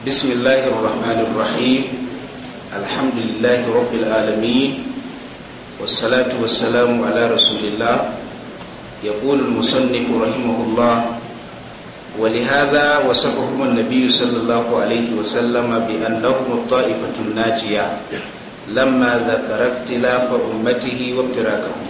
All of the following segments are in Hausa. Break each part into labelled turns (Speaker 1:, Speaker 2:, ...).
Speaker 1: بسم الله الرحمن الرحيم الحمد لله رب العالمين والصلاة والسلام على رسول الله يقول المصنف رحمه الله ولهذا وصفهم النبي صلى الله عليه وسلم بأنهم الطائفة الناجية لما ذكر اختلاف أمته وابتراكهم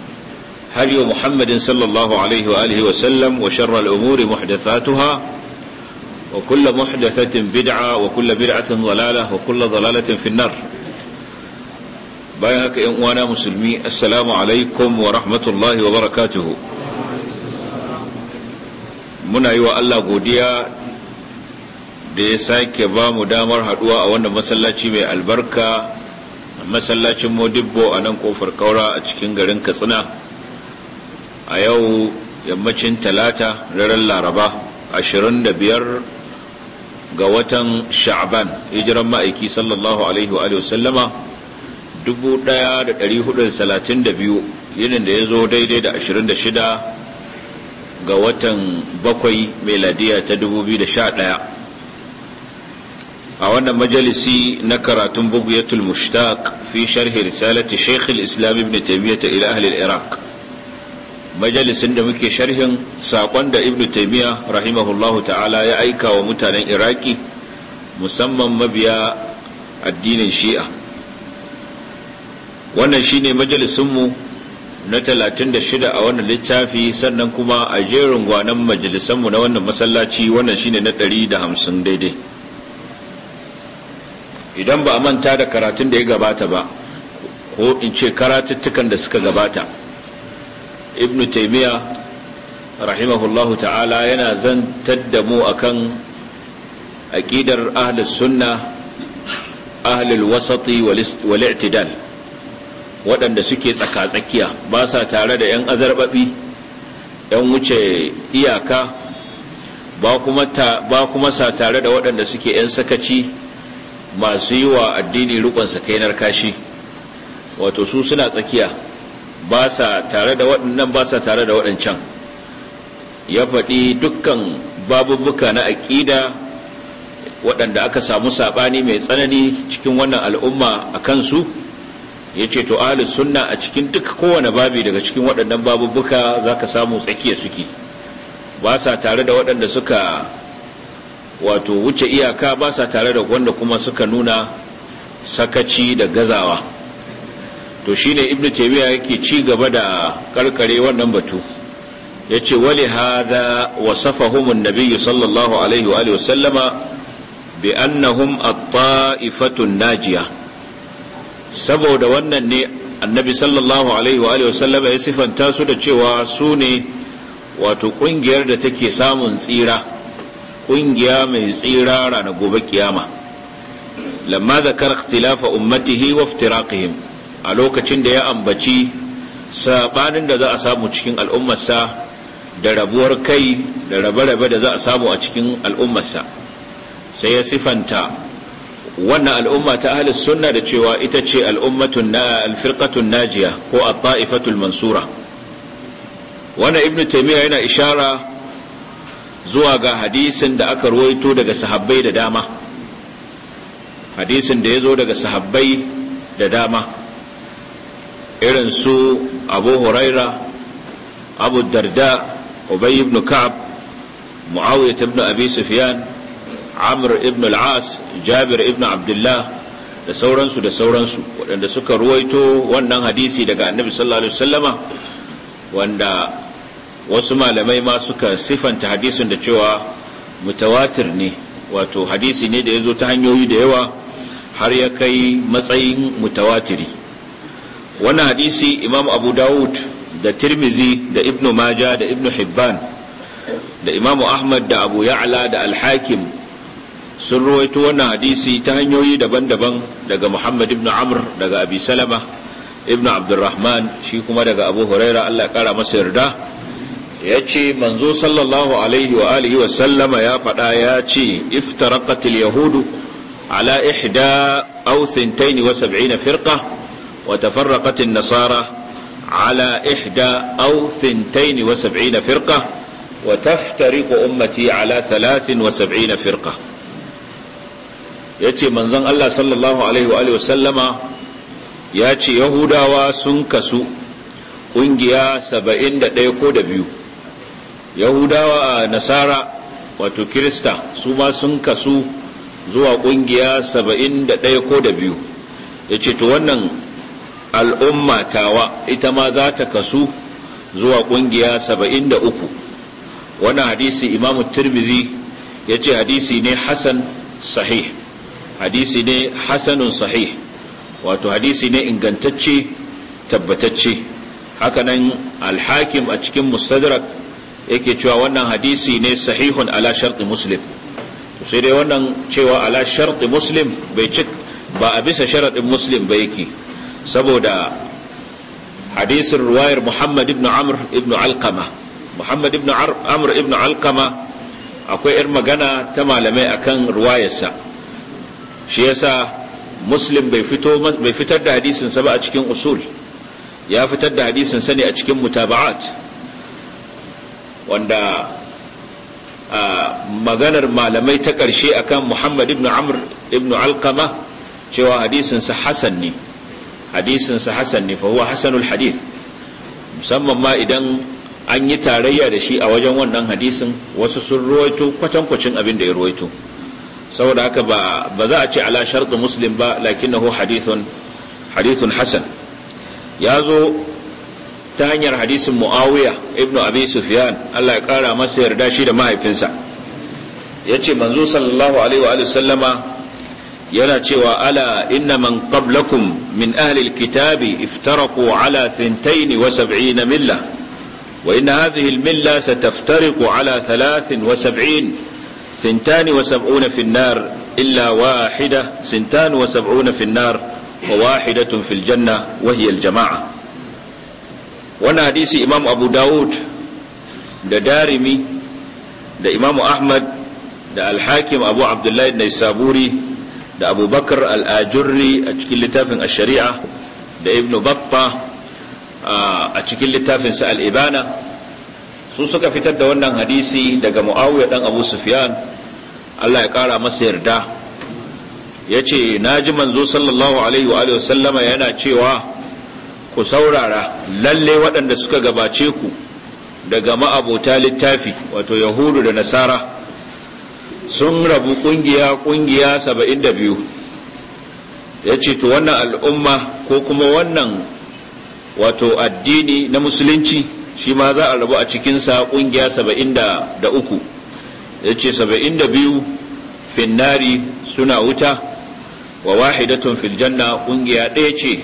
Speaker 1: هدي محمد صلى الله عليه وآله وسلم وشر الأمور محدثاتها وكل محدثة بدعة وكل بدعة ضلالة وكل ضلالة في النار بايهك وانا مسلمي السلام عليكم ورحمة الله وبركاته muna yi wa Allah godiya da ya sake ba mu damar haduwa a wannan masallaci mai albarka masallacin modibbo a nan kofar kaura a cikin garin katsina a yau yammacin talata daren laraba 25 ga watan sha'ban hijiran ma'aiki sallallahu alaihi wa sallama 1432 yinin da ya zo daidai da 26 ga watan bakwai meladiya ta 2011 a wannan majalisi na karatun bugiyatul mushtaq fi sharhi risalati shaykh al-islam ibn taymiyyah ila ahli iraq majalisin da muke sharhin saƙon da Ibn taimiyya rahimahullahu ta'ala ya aika wa mutanen iraki musamman mabiya addinin shi'a wannan shine majalisinmu na 36 a wannan littafi sannan kuma a jerin gwanon majalisanmu na wannan masallaci wannan shine na 150 daidai idan ba a manta da karatun da ya gabata ba ko in ce karatuttukan da suka gabata ibn taymiya rahimahullahu ta'ala yana zantar da mu akan aqidar ahlus sunna ahlul wasati wal i'tidal waɗanda suke tsaka-tsakiya ba sa tare da 'yan azarbabi 'yan wuce iyaka ba kuma sa tare da waɗanda suke 'yan sakaci masu yi wa addini rukun sakainar kashi wato su suna tsakiya ba sa tare da waɗannan ba sa tare da waɗancan ya faɗi dukkan babubuka na aƙida waɗanda aka samu saɓani mai tsanani cikin wannan al'umma a kansu ya ce to ahalus sunna a cikin duk kowane babi daga cikin waɗannan babubuka za ka samu tsakiya suke ba sa tare da waɗanda suka wato wuce iyaka ba sa tare da wanda kuma suka nuna sakaci da gazawa to shine ibnu taymiya yake ci gaba da karkare wannan batu yace wali hada wasafa humun nabiy sallallahu alaihi wa alihi bi annahum at najiya saboda wannan ne annabi sallallahu alaihi wa ya sifanta su da cewa su ne wato kungiyar da take samun tsira kungiya mai tsira ranar gobe kiyama lamma zakar ikhtilafa ummatihi wa iftiraqihim a lokacin da ya ambaci sabanin da za a samu cikin al'ummarsa da rabuwar kai da rabe-rabe da za a samu a cikin al'ummarsa sai ya sifanta wannan al'umma ta ahli sunna da cewa ita ce al'ummatun na alfirkatun najiya ko a taifatul mansura wannan ibnu taimiyya yana ishara zuwa ga hadisin da aka ruwaito daga sahabbai da dama hadisin da ya zo daga sahabbai da dama irin su abu huraira abu darda ubay ibn ka'ab muawiya ibn abi sufyan amr ibn al-as jabir ibn abdullah da sauransu da sauransu waɗanda suka ruwaito wannan hadisi daga annabi sallallahu alaihi wasallama wanda wasu malamai ma suka sifanta hadisin da cewa mutawatir ne wato hadisi ne da ya zo ta hanyoyi da yawa har ya kai matsayin mutawatiri wannan hadisi imam abu dawud da tirmizi da ibnu maja da ibnu hibban da imam ahmad da abu ya'la da alhakim sun ruwaito wannan hadisi ta hanyoyi daban-daban daga muhammad ibnu amr daga abi salama ibnu abdurrahman shi kuma daga abu huraira allah kara masa yarda ya ce manzo sallallahu alaihi wa alihi wa sallama ya faɗa ya ce iftaraqatil yahudu ala ihda aw thintain wa sab'ina firqa وتفرقت النصارى على إحدى أو ثنتين وسبعين فرقة وتفترق أمتي على ثلاث وسبعين فرقة yace manzon Allah sallallahu alaihi wa alihi wasallama yahudawa sun kasu ƙungiya saba'in da ɗaya ko da biyu yahudawa a nasara wato kirista su ma sun kasu zuwa ƙungiya saba'in da ɗaya ko da biyu ya ce to wannan al'umma tawa ita ma za ta kasu zuwa ƙungiya saba'in da uku wannan hadisi imamu tirmizi ya ce hadisi ne hasan sahih hadisi ne hasanun sahih wato hadisi ne ingantacce tabbatacce hakanan alhakim a cikin mustadrak yake cewa wannan hadisi ne sahihun ala sharti muslim sai dai wannan cewa ala sharti muslim bai cik ba a bisa sharaɗin muslim ba yake saboda hadisin ruwayar muhammad ibn amr ibn alkama muhammad ibn amr ibn alkama akwai 'yar magana ta malamai akan ruwayarsa shi yasa muslim bai fitar da hadisinsa ba a cikin usul ya fitar da hadisinsa ne a cikin mutaba'at wanda maganar malamai ta ƙarshe akan muhammad ibn amr ibn alkama cewa hadisinsa Hassan ne hadisin sa hasan ne fa hassanul hasanul hadith musamman ma idan an yi tarayya da shi a wajen wannan hadisin wasu sun ruwaito kwatankwacin abin da ya ruwaito saboda haka ba ba za a ce ala shartu muslim ba lakinnahu hadithun hadithun hasan ya zo ta hanyar hadisin muawiya ibnu abi sufyan Allah ya kara masa yarda shi da mahaifinsa yace manzo sallallahu alaihi wa sallama yana cewa ala inna man qablakum min ahli alkitabi iftaraqu ala 72 milla wa inna hadhihi almilla sataftariqu ala 73 72 fi an-nar illa wahida 72 fi an-nar wa wahidatun fil janna wa hiya al-jama'a wannan hadisi imam abu daud da darimi da imam ahmad da al-hakim abu abdullahi ibn saburi da abubakar al'ajurri a cikin littafin shari'a da ibnu bakpa a cikin littafin sa al'ibana su suka fitar da wannan hadisi daga mu'awiyar dan abu sufyan allah ya kara masa yarda ya ce na ji manzo sallallahu alaihi wa sallama yana cewa ku saurara lalle waɗanda suka gabace ku daga ma'abota littafi wato yahudu da nasara sun rabu kungiya kungiya saba'in da biyu ya ce to wannan al'umma ko kuma wannan wato addini na musulunci shi ma za a rabu a cikinsa kungiya saba'in da uku ya ce saba'in da biyu finnari suna wuta wa wahidatun filjanna kungiya ɗaya ce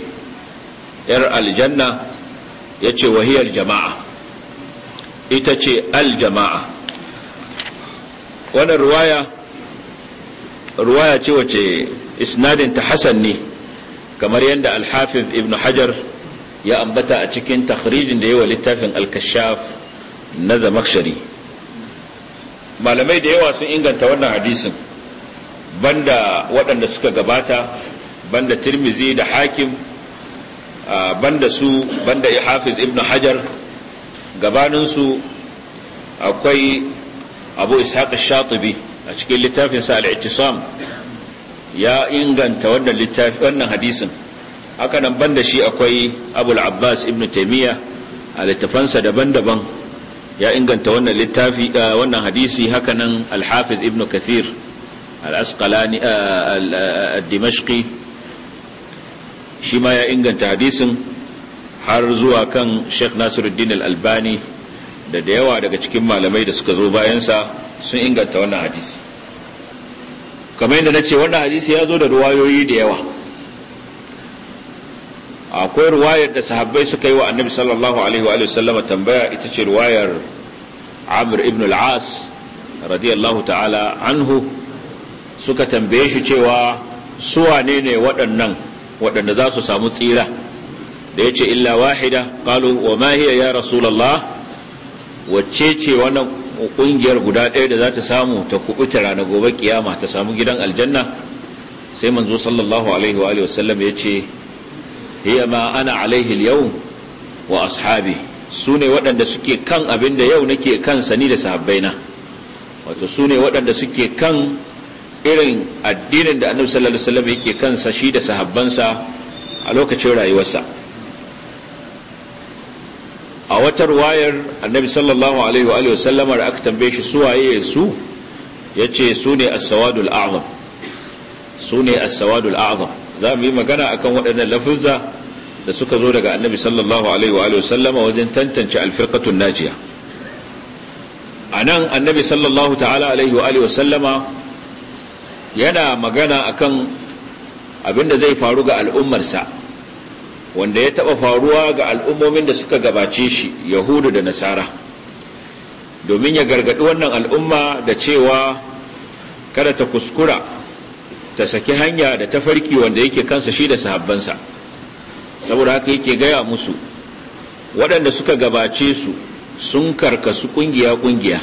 Speaker 1: yar aljanna ya ce wahiyar jama'a ita ce aljama'a wannan ruwaya ruwaya ce wace isnadinta hasan ne kamar yadda alhafiz ibn hajar ya ambata a cikin takhrijin da yawa littafin alkashaf na zamakshari malamai da yawa sun inganta wannan hadisin banda waɗanda suka gabata banda tirmizi da hakim banda su banda hafiz ibn hajar gabaninsu akwai abu ishaq shatibi a cikin littafin sa al-i'tisam ya inganta wannan littafi wannan hadisin haka nan banda shi akwai abul abbas ibn taymiya a littafansa daban-daban ya inganta wannan littafi wannan hadisi haka nan al-hafiz ibn kathir al-asqalani al-dimashqi shi ma ya inganta hadisin har zuwa kan sheikh nasiruddin al-albani da da yawa daga cikin malamai da suka zo bayansa sun inganta wannan hadisi kamar yadda na ce wannan hadisi ya zo da ruwayoyi da yawa akwai ruwayar da sahabbai suka yi wa annabi sallallahu alaihi wa sallama tambaya ita ce ruwayar amr ibn al-as radiyallahu ta'ala anhu suka tambaye shi cewa su ne ne waɗannan waɗanda za su samu tsira da ya ce illa wahida qalu wa ma hiya ya rasulallah wacce ce wannan kungiyar guda ɗaya da za ta samu ta kubuta rana gobe kiyama ta samu gidan aljanna sai manzo sallallahu alaihi wa sallam ya ce hiya ma ana alaihi yau wa ashabi su ne waɗanda suke kan abin da yau nake kan sani da sahabbaina wato su ne waɗanda suke kan irin addinin da annabi sallallahu alaihi sallam yake kansa shi da sahabbansa a lokacin rayuwarsa a wata ruwayar annabi sallallahu alaihi wa sallama da aka tambaye shi su waye su yace su ne as-sawadul a'zam su ne as-sawadul a'zam za mu yi magana akan waɗannan lafuzza da suka zo daga annabi sallallahu alaihi wa sallama wajen tantance al-firqatun najiya anan annabi sallallahu ta'ala alaihi wa sallama yana magana akan abinda zai faru ga al'ummarsa wanda ya taɓa faruwa ga al'ummomin da suka gabace shi yahudu da nasara domin ya gargaɗi wannan al'umma da cewa kada ta kuskura ta saki hanya da ta farki wanda yake kansa shi da sahabbansa saboda haka yake gaya musu waɗanda suka gabace su sun karkasu ƙungiya-ƙungiya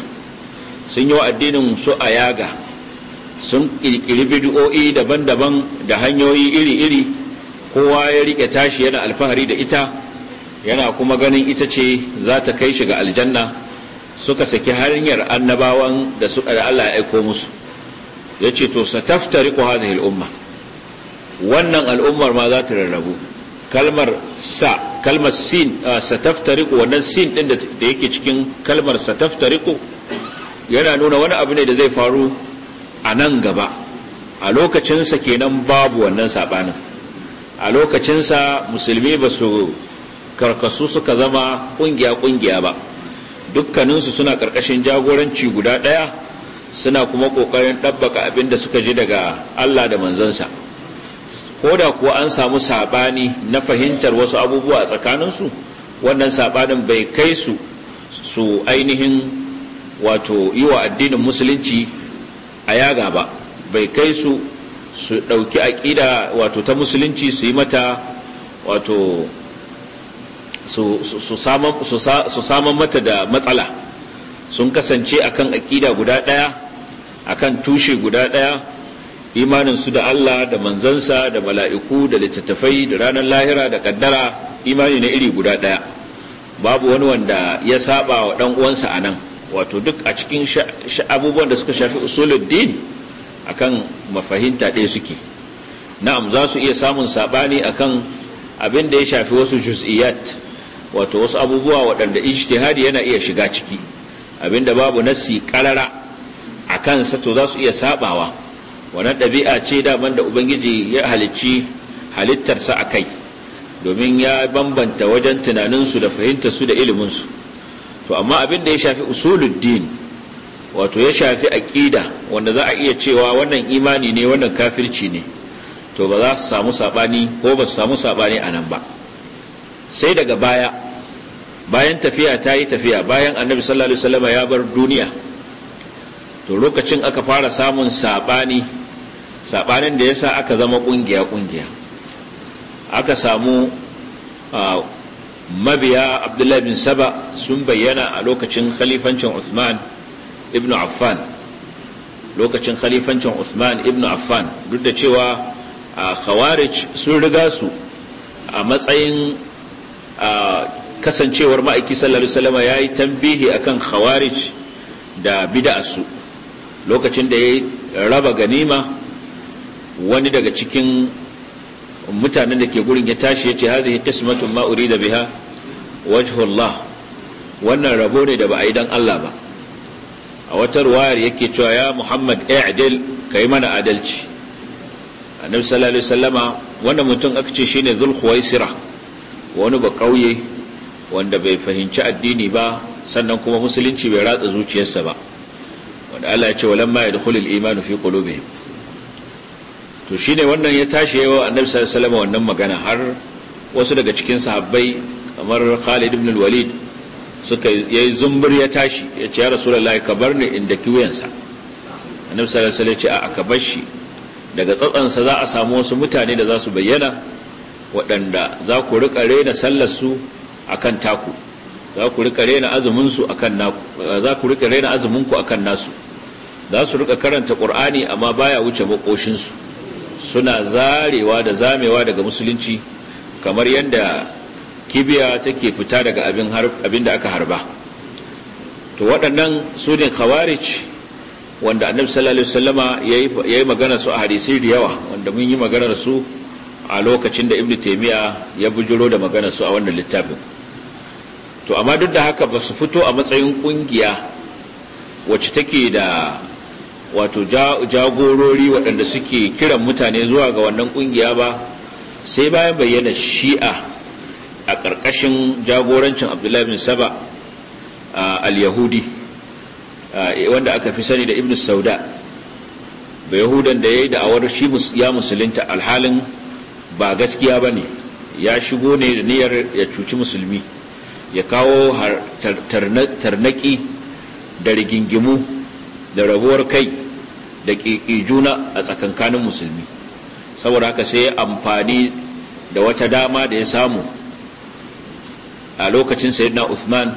Speaker 1: sun yi wa addinin su a yaga sun ƙirƙiri bidiyo'i daban-daban da hanyoyi iri-iri kowa ya rike tashi yana alfahari da ita yana kuma ganin ita ce za ta kai shi ga aljanna suka saki hanyar annabawan da suka da Allah ya aiko musu yace ce to sataftariqu hadhihi al-umma wannan al'ummar ma za ta rarrabu kalmar sa kalmar sin sataftariqu wannan sin din da yake cikin kalmar sataftariqu yana nuna wani abu ne da zai faru a nan gaba a lokacinsa kenan babu wannan sabanin a lokacinsa musulmi ba su karkasu suka zama kungiya-kungiya ba dukkaninsu suna karkashin jagoranci guda ɗaya suna kuma ƙoƙarin ɗabbaka abin da suka ji daga Allah da manzansa ko da kuwa an samu saɓani na fahimtar wasu abubuwa a tsakaninsu wannan saɓanin bai kai su su ainihin wato yi wa addinin musulunci a yaga ba bai kai su su ɗauki aƙida wato ta musulunci su yi mata wato su saman mata da matsala sun kasance akan aƙida guda ɗaya akan tushe guda ɗaya imaninsu da Allah da manzansa da mala'iku da littattafai da ranar lahira da kaddara imani na iri guda ɗaya babu wani wanda ya saba wa ɗan uwansa a nan wato duk a cikin abubuwan da suka shafi usuluddin akan mafahimta ɗaya suke na'am za su iya samun saɓani akan abin da ya shafi wasu juz'iyat wato wasu abubuwa waɗanda ijtihadi yana iya shiga ciki abin da babu nassi ƙarara a kansa to za su iya saɓawa wani ɗabi'a ce daman da ubangiji ya halicci halittarsa a kai domin ya bambanta wajen tunaninsu da fahimtarsu da iliminsu to amma abin da ya shafi usuluddin wato ya shafi aƙida wanda za a iya cewa wannan imani ne wannan kafirci ne to ba za su samu saɓani ko ba su samu saɓani a nan ba sai daga baya bayan tafiya ta yi tafiya bayan annabi sallallahu alaihi ya bar duniya to lokacin aka fara samun saɓani saɓanin da ya sa aka zama ƙungiya-ƙungiya aka samu mabiya abdullahi bin saba sun bayyana a lokacin khalifancin usman ibn Affan lokacin khalifancin Usman ibn Affan duk da cewa a khawarij sun riga su a matsayin kasancewar ma'aiki sallallahu alaihi wasallam yayi tambihi akan khawarij da su lokacin da ya raba ganima wani daga cikin mutanen da ke gurin ya tashi ya ce hadhihi qismatun ma urida biha wajhullah wannan rabo ne da ba a yi dan Allah ba a wata ruwayar yake cewa ya muhammad i'dil ka yi mana adalci annabi sallallahu alaihi wasallama wannan mutum aka ce shine zulkhuwaisira wani ba kauye wanda bai fahimci addini ba sannan kuma musulunci bai ratsa zuciyarsa ba wanda Allah ya ce wa lamma yadkhul al iman fi qulubihim to shine wannan ya tashi yawa annabi sallallahu alaihi wasallama wannan magana har wasu daga cikin sahabbai kamar Khalid ibn al-Walid suka yi zumbur ya tashi ya ce ya rasulullahi ka kabar ne inda kiwayansa annabi sallallahu alaihi wasallam ce a ka bar shi daga tsatsansa za a samu wasu mutane da za su bayyana waɗanda za ku riƙa rena sallarsu a kan taku za ku riƙa rena a kan naku za ku riƙa rena azuminku a kan nasu za su riƙa karanta ƙur'ani amma baya wuce maƙoshinsu suna zarewa da zamewa daga musulunci kamar yadda kibiya take fita daga abin da aka harba to waɗannan su ne khawarij wanda annabi sallallahu alaihi wasallama yayi magana su a hadisi da yawa wanda mun yi magana su a lokacin da ibnu taymiya ya bujuro da magana su a wannan littafin to amma duk da haka ba su fito a matsayin kungiya wacce take da wato jagorori waɗanda suke kiran mutane zuwa ga wannan kungiya ba sai bayan bayyana shi'a a ƙarƙashin jagorancin abdullahi bin saba al-yahudi wanda aka fi sani da ibn sauda ba yahudan da ya yi da'awar shi ya musulunta alhalin ba gaskiya ba ne ya shigo ne da niyyar ya cuci musulmi ya kawo tarnaki da rigingimu da rabuwar kai da ƙiƙi juna a tsakankanin musulmi saboda haka sai amfani da wata dama da ya samu a lokacin sayyidina Uthman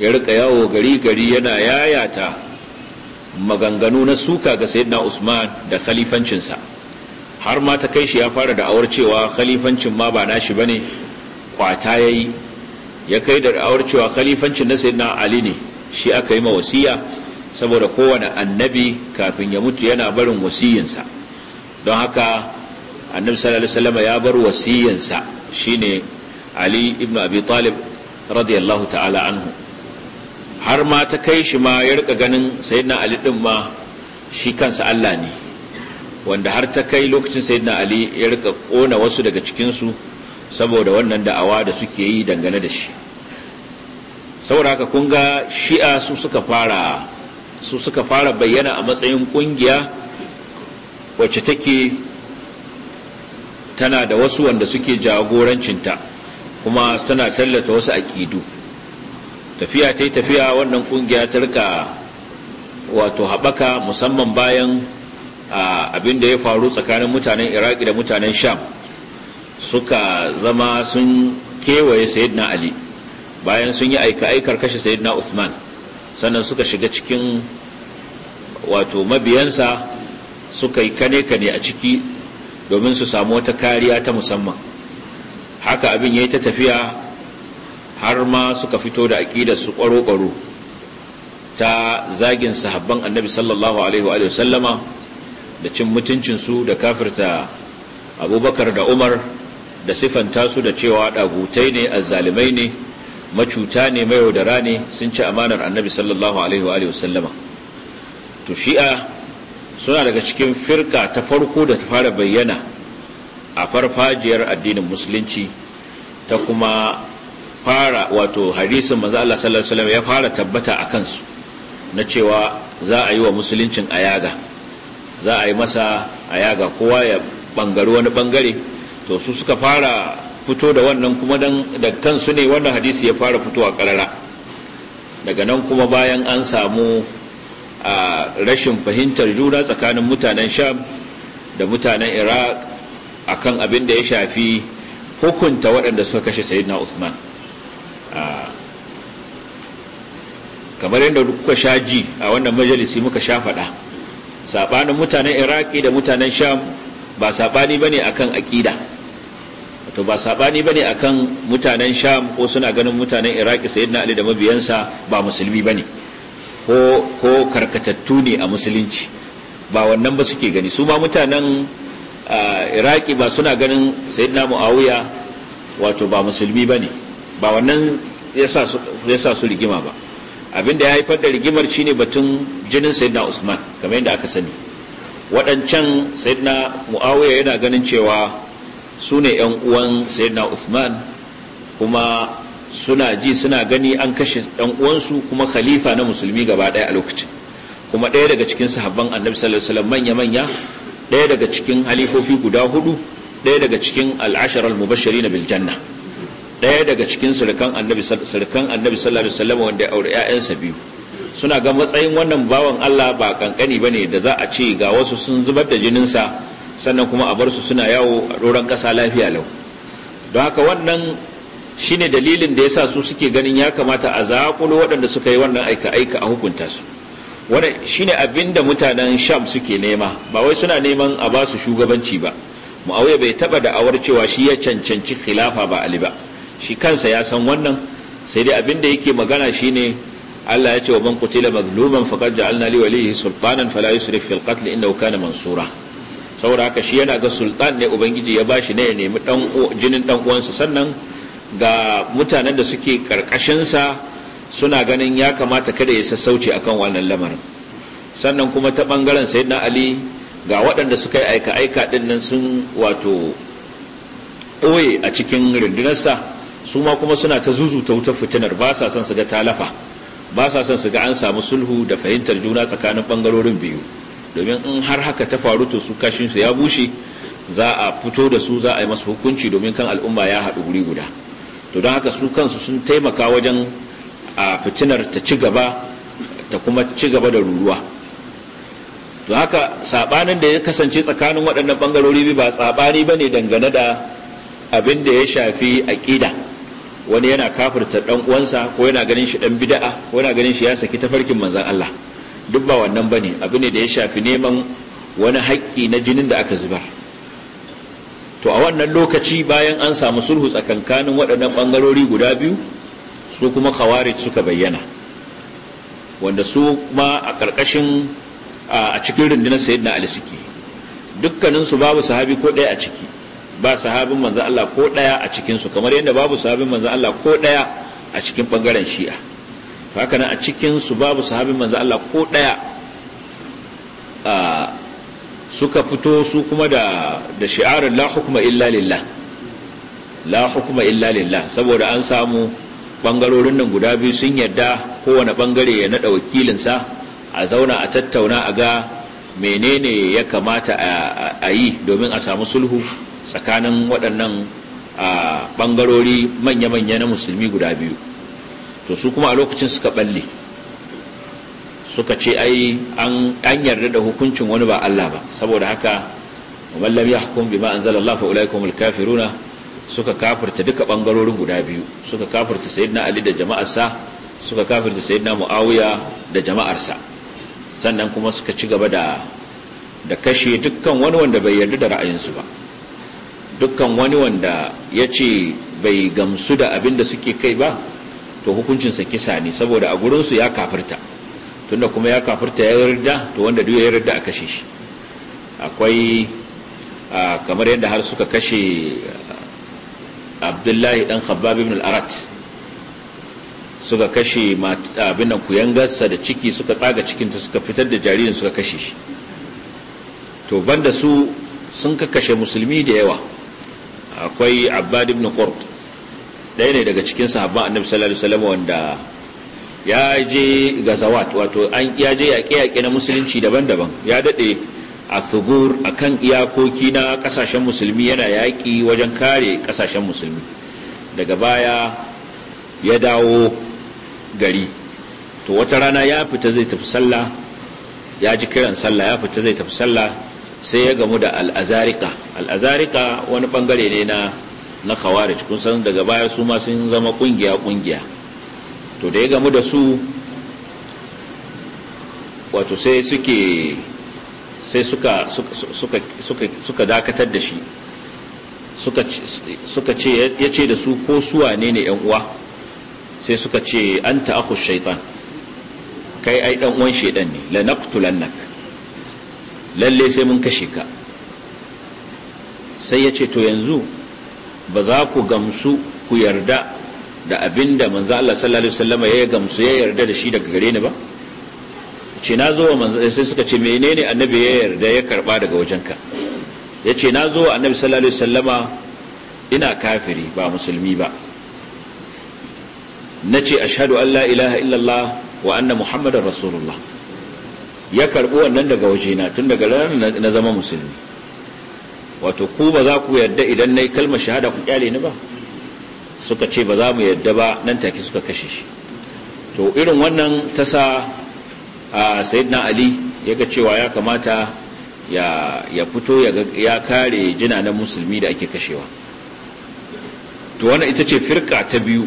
Speaker 1: ya rika yawo gari gari yana yayata maganganu na suka ga sayyidina Uthman da khalifancinsa har ma ta kai shi ya fara da'awar cewa khalifancin ma ba nashi bane kwata yayi ya kai da da'awar cewa khalifancin na sayyidina Ali ne shi aka yi ma wasiya saboda kowane annabi kafin ya mutu yana barin wasiyinsa don haka annabi sallallahu alaihi ya bar wasiyinsa shine ali ibn abi talib radiyallahu ta'ala anhu har ma ta kai shi ma ya rika ganin sayyidina ali din ma shi kansa Allah ne wanda har ta kai lokacin sayyidina ali ya rika kona wasu daga cikinsu saboda wannan da'awa da suke yi dangane da shi saboda haka kun ga shi'a su suka fara su suka fara bayyana a matsayin kungiya wacce take tana da wasu wanda suke jagorancinta kuma tana tallata wasu aƙidu tafiya ta yi tafiya wannan ƙungiya ta rika wato haɓaka musamman bayan abin da ya faru tsakanin mutanen iraki da mutanen sham suka zama sun kewaye sayidina ali bayan sun yi aika-aikar kashe sayidina usman sannan suka shiga cikin wato mabiyansa suka yi kane-kane a ciki domin su samu wata kariya ta musamman haka abin ya yi ta tafiya har ma suka fito da aƙidar su ƙwaro-ƙwaro ta zagin sahabban annabi sallallahu alaihi wa da cin mutuncinsu da kafirta abubakar da umar da sifanta su da cewa ɗagutai ne azzalimai ne macuta ne mai yaudara ne sun ci amanar annabi sallallahu alaihi wa sallama to shi'a suna daga cikin firka ta farko da ta fara bayyana a farfajiyar addinin musulunci ta kuma fara wato hadisin Maza'ala Allah sallallahu alaihi ya fara tabbata a kansu na cewa za a yi wa musuluncin ayaga za a yi masa ayaga kowa ya bangari wani bangare to su suka fara fito da wannan kuma dan da kansu ne wannan hadisi ya fara fitowa karara daga nan kuma bayan an samu a rashin fahimtar juna tsakanin mutanen sham da mutanen iraq akan abin da ya shafi hukunta waɗanda suka kashe sayyidina Usman ah. kamar yadda kuka sha ji a wannan majalisi muka sha faɗa saɓanin mutanen iraki da mutanen sham ba saɓani ba ne a aƙida wato ba saɓani ba ne a mutanen sham ko suna ganin mutanen iraki sayyidina ali da mabiyansa ba musulmi ba ne ko karkatattu ne a musulunci ba wannan ba suke gani su ma mutanen iraki ba suna ganin sayyidina muawiya wato ba musulmi ba ne ba wannan ya sa su rigima ba abinda ya haifar da rigimar shine batun jinin sayyidina usman kamar yadda aka sani waɗancan sayyidina muawiya yana ganin cewa su ne yan uwan sayyidina usman kuma suna ji suna gani an kashe yan uwansu kuma khalifa na musulmi gaba ɗaya a lokacin kuma ɗaya daga cikin sahabban annabi sallallahu alaihi wasallam manya manya ɗaya daga cikin halifofi guda hudu ɗaya daga cikin al'ashar al-mubashiri na biljanna ɗaya daga cikin surukan annabi sallallahu alaihi wasallam wanda ya aure 'ya'yansa biyu suna ga matsayin wannan bawan Allah ba kankani ba ne da za a ce ga wasu sun zubar da jinin sa sannan kuma a bar su suna yawo a doron ƙasa lafiya lau don haka wannan shine dalilin da yasa su suke ganin ya kamata a zaƙulo waɗanda suka yi wannan aika aika a hukunta su ne abin da mutanen sham suke nema ba wai suna neman a ba su shugabanci ba muawiya bai taba da'awar cewa shi ya cancanci khilafa ba ali ba shi kansa ya san wannan sai dai abinda yake magana shi ne. Allah ya ce wa man qutila mazluman faqad ja'alna li walihi sultanan fala yusrif fil qatl innahu kana mansura saboda haka shi yana ga sultan ne ubangiji ya bashi ne ya nemi jinin dan uwansa sannan ga mutanen da suke karkashin sa suna ganin ya kamata kada ya sassauce akan wannan lamarin sannan kuma ta bangaren sayyidina ali ga waɗanda suka yi aika aika din nan sun wato ɓoye a cikin rundunarsa su ma kuma suna ta zuzuta wutar fitinar ba sa son su ga talafa ba sa son su ga an samu sulhu da fahimtar juna tsakanin bangarorin biyu domin in har haka ta faru to su kashin su ya bushe za a fito da su za a yi masu hukunci domin kan al'umma ya haɗu guri guda to don haka su kansu sun taimaka wajen a fitinar ta ci gaba ta kuma ci gaba da ruruwa to haka sabanin da ya kasance tsakanin waɗannan ɓangarori ba sabani ba ne dangane da abin da ya shafi aƙida wani yana kafirta ɗan uwansa ko yana ganin shi ɗan bida'a ko yana ganin shi ya saki tafarkin manzan Allah duk ba wannan ba ne abin da ya shafi neman wani haƙƙi na jinin da aka zubar to a wannan lokaci bayan an samu sulhu tsakankanin waɗannan ɓangarori guda biyu su kuma khawarij suka bayyana wanda su ma a ƙarƙashin a cikin rundunar sayyidina ali suke dukkaninsu babu sahabi ko ɗaya a ciki ba sahabin manzo Allah ko ɗaya a cikinsu kamar yadda babu sahabin manzo Allah ko ɗaya a cikin ɓangaren shi'a haka nan a cikinsu babu sahabin manzo Allah ko ɗaya suka fito su kuma da da shi'arin la hukuma illa lillah la hukuma illa lillah saboda an samu bangarorin nan guda biyu sun yarda kowane bangare ya nada wakilinsa a zauna a tattauna a ga menene ya kamata a yi domin a samu sulhu tsakanin waɗannan bangarori manya-manya na musulmi guda biyu to su kuma a lokacin suka balle suka ce ai an yarda da hukuncin wani ba Allah ba saboda haka wallam yahkum bima anzalallahu fa ulaikumul kafiruna suka kafirta duka bangarorin guda biyu suka kafirta sayyidina ali da jama'arsa suka kafirta sayyidina muawiya da jama'arsa sannan kuma suka ci gaba da da kashe dukkan wani wanda bai yarda da ra'ayinsu ba dukkan wani wanda ya ce bai gamsu da abin da suke kai ba to hukuncinsa kisa ne saboda a gurinsu ya kafirta tunda kuma ya kafirta ya yarda to wanda duk ya yarda a kashe shi akwai kamar yadda har suka kashe abdullahi dan khabbab ibn al-arat suka kashe abin kuyangarsa da ciki suka tsaga cikinta suka fitar da jaririn suka kashe shi to banda su sun ka kashe musulmi da yawa akwai abbad ibn qurt ɗaya ne daga cikin sahabban annabi sallallahu alaihi wanda ya je gazawat wato an ya je yaƙe-yaƙe na musulunci daban-daban ya daɗe a a kan iyakoki na kasashen musulmi yana yaƙi wajen kare kasashen musulmi daga baya ya dawo gari to wata rana ya fita zai tafi sallah ya ji kiran sallah ya fita zai tafi sallah sai ya gamu da al'azarika al'azarika wani bangare ne na na khawarij kun san daga baya su ma sun zama kungiya kungiya to da ya gamu da su wato sai suke sai suka suka dakatar da shi suka ce ya ce da su ko suwa ne ne yan uwa sai suka ce an ta'akhu shaitan kai ai dan uwan shaitan ne la naqtulannak lalle sai mun kashe ka sai ya ce to yanzu ba za ku gamsu ku yarda da abinda manzo Allah sallallahu alaihi wasallam ya gamsu ya yarda da shi daga gare ni ba ce na zo wa manzan sai suka ce menene annabi ya yarda ya karba daga wajenka ya ce na zo wa annabi sallallahu alaihi wasallama ina kafiri ba musulmi ba na ce ashadu allah ilaha illallah wa anna muhammadar rasulullah ya karbi wannan daga wajena tun daga ranar na zama musulmi wato ku ba za ku yarda idan na yi kalmar shahada ku kyale ni ba suka ce ba za mu yarda ba nan take suka kashe shi to irin wannan ta sa sayyidina ali ya ga cewa ya kamata ya fito ya kare jinanen musulmi da ake kashewa to wannan ita ce firka ta biyu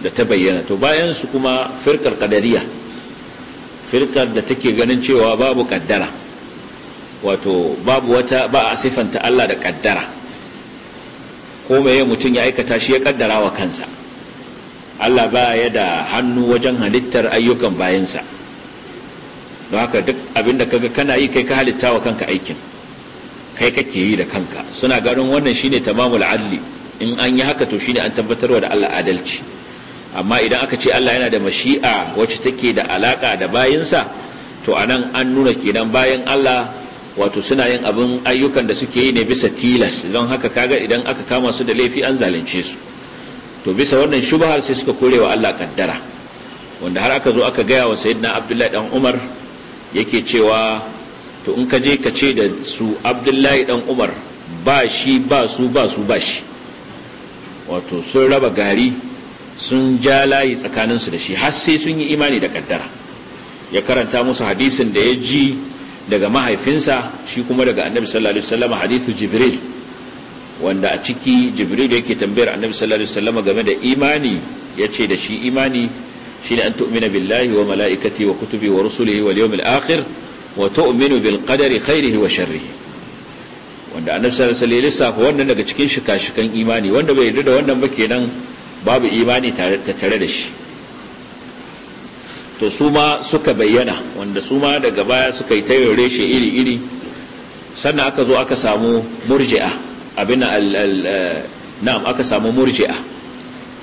Speaker 1: da ta bayyana to bayan su kuma firkar kadariya firkar da take ganin cewa babu kaddara wato babu wata ba a siffanta Allah da kaddara ko meye mutum ya aikata shi ya kaddara wa kansa Allah ba ya da hannu wajen halittar ayyukan bayansa don haka duk abin da kaga kana yi kai ka halitta wa kanka aikin kai kake yi da kanka suna ganin wannan shine tamamul adli in an yi haka to shine an tabbatarwa da Allah adalci amma idan aka ce Allah yana da mashi'a wacce take da alaka da bayinsa to anan an nuna kenan bayan Allah wato suna yin abin ayyukan da suke yi ne bisa tilas don haka kaga idan aka kama su da laifi an zalunce su to bisa wannan shubahar sai suka korewa Allah kaddara wanda har aka zo aka gaya wa sayyidina Abdullahi dan Umar yake cewa to in ka je ka ce da su abdullahi dan umar ba shi ba su ba su ba shi wato sun raba gari sun ja layi tsakaninsu da shi har sai sun yi imani da kaddara ya karanta musu hadisin da ya ji daga mahaifinsa shi kuma daga annabi sallallahu alaihi wasallam hadithu jibril wanda a ciki jibril yake tambayar annabi sallallahu alaihi wasallam game da imani ya ce da shi imani shine an tu'mina billahi wa mala'ikati wa kutubi wa rusulihi wal yawmil akhir wa tu'minu bil qadari khairihi wa sharrihi wanda annabi sallallahu alaihi wasallam wannan daga cikin shika-shikan imani wanda bai yarda da wannan ba kenan babu imani tare tare da shi to su ma suka bayyana wanda su ma daga baya suka yi tayin reshe iri-iri sannan aka zo aka samu murji'a abin al na'am aka samu murji'a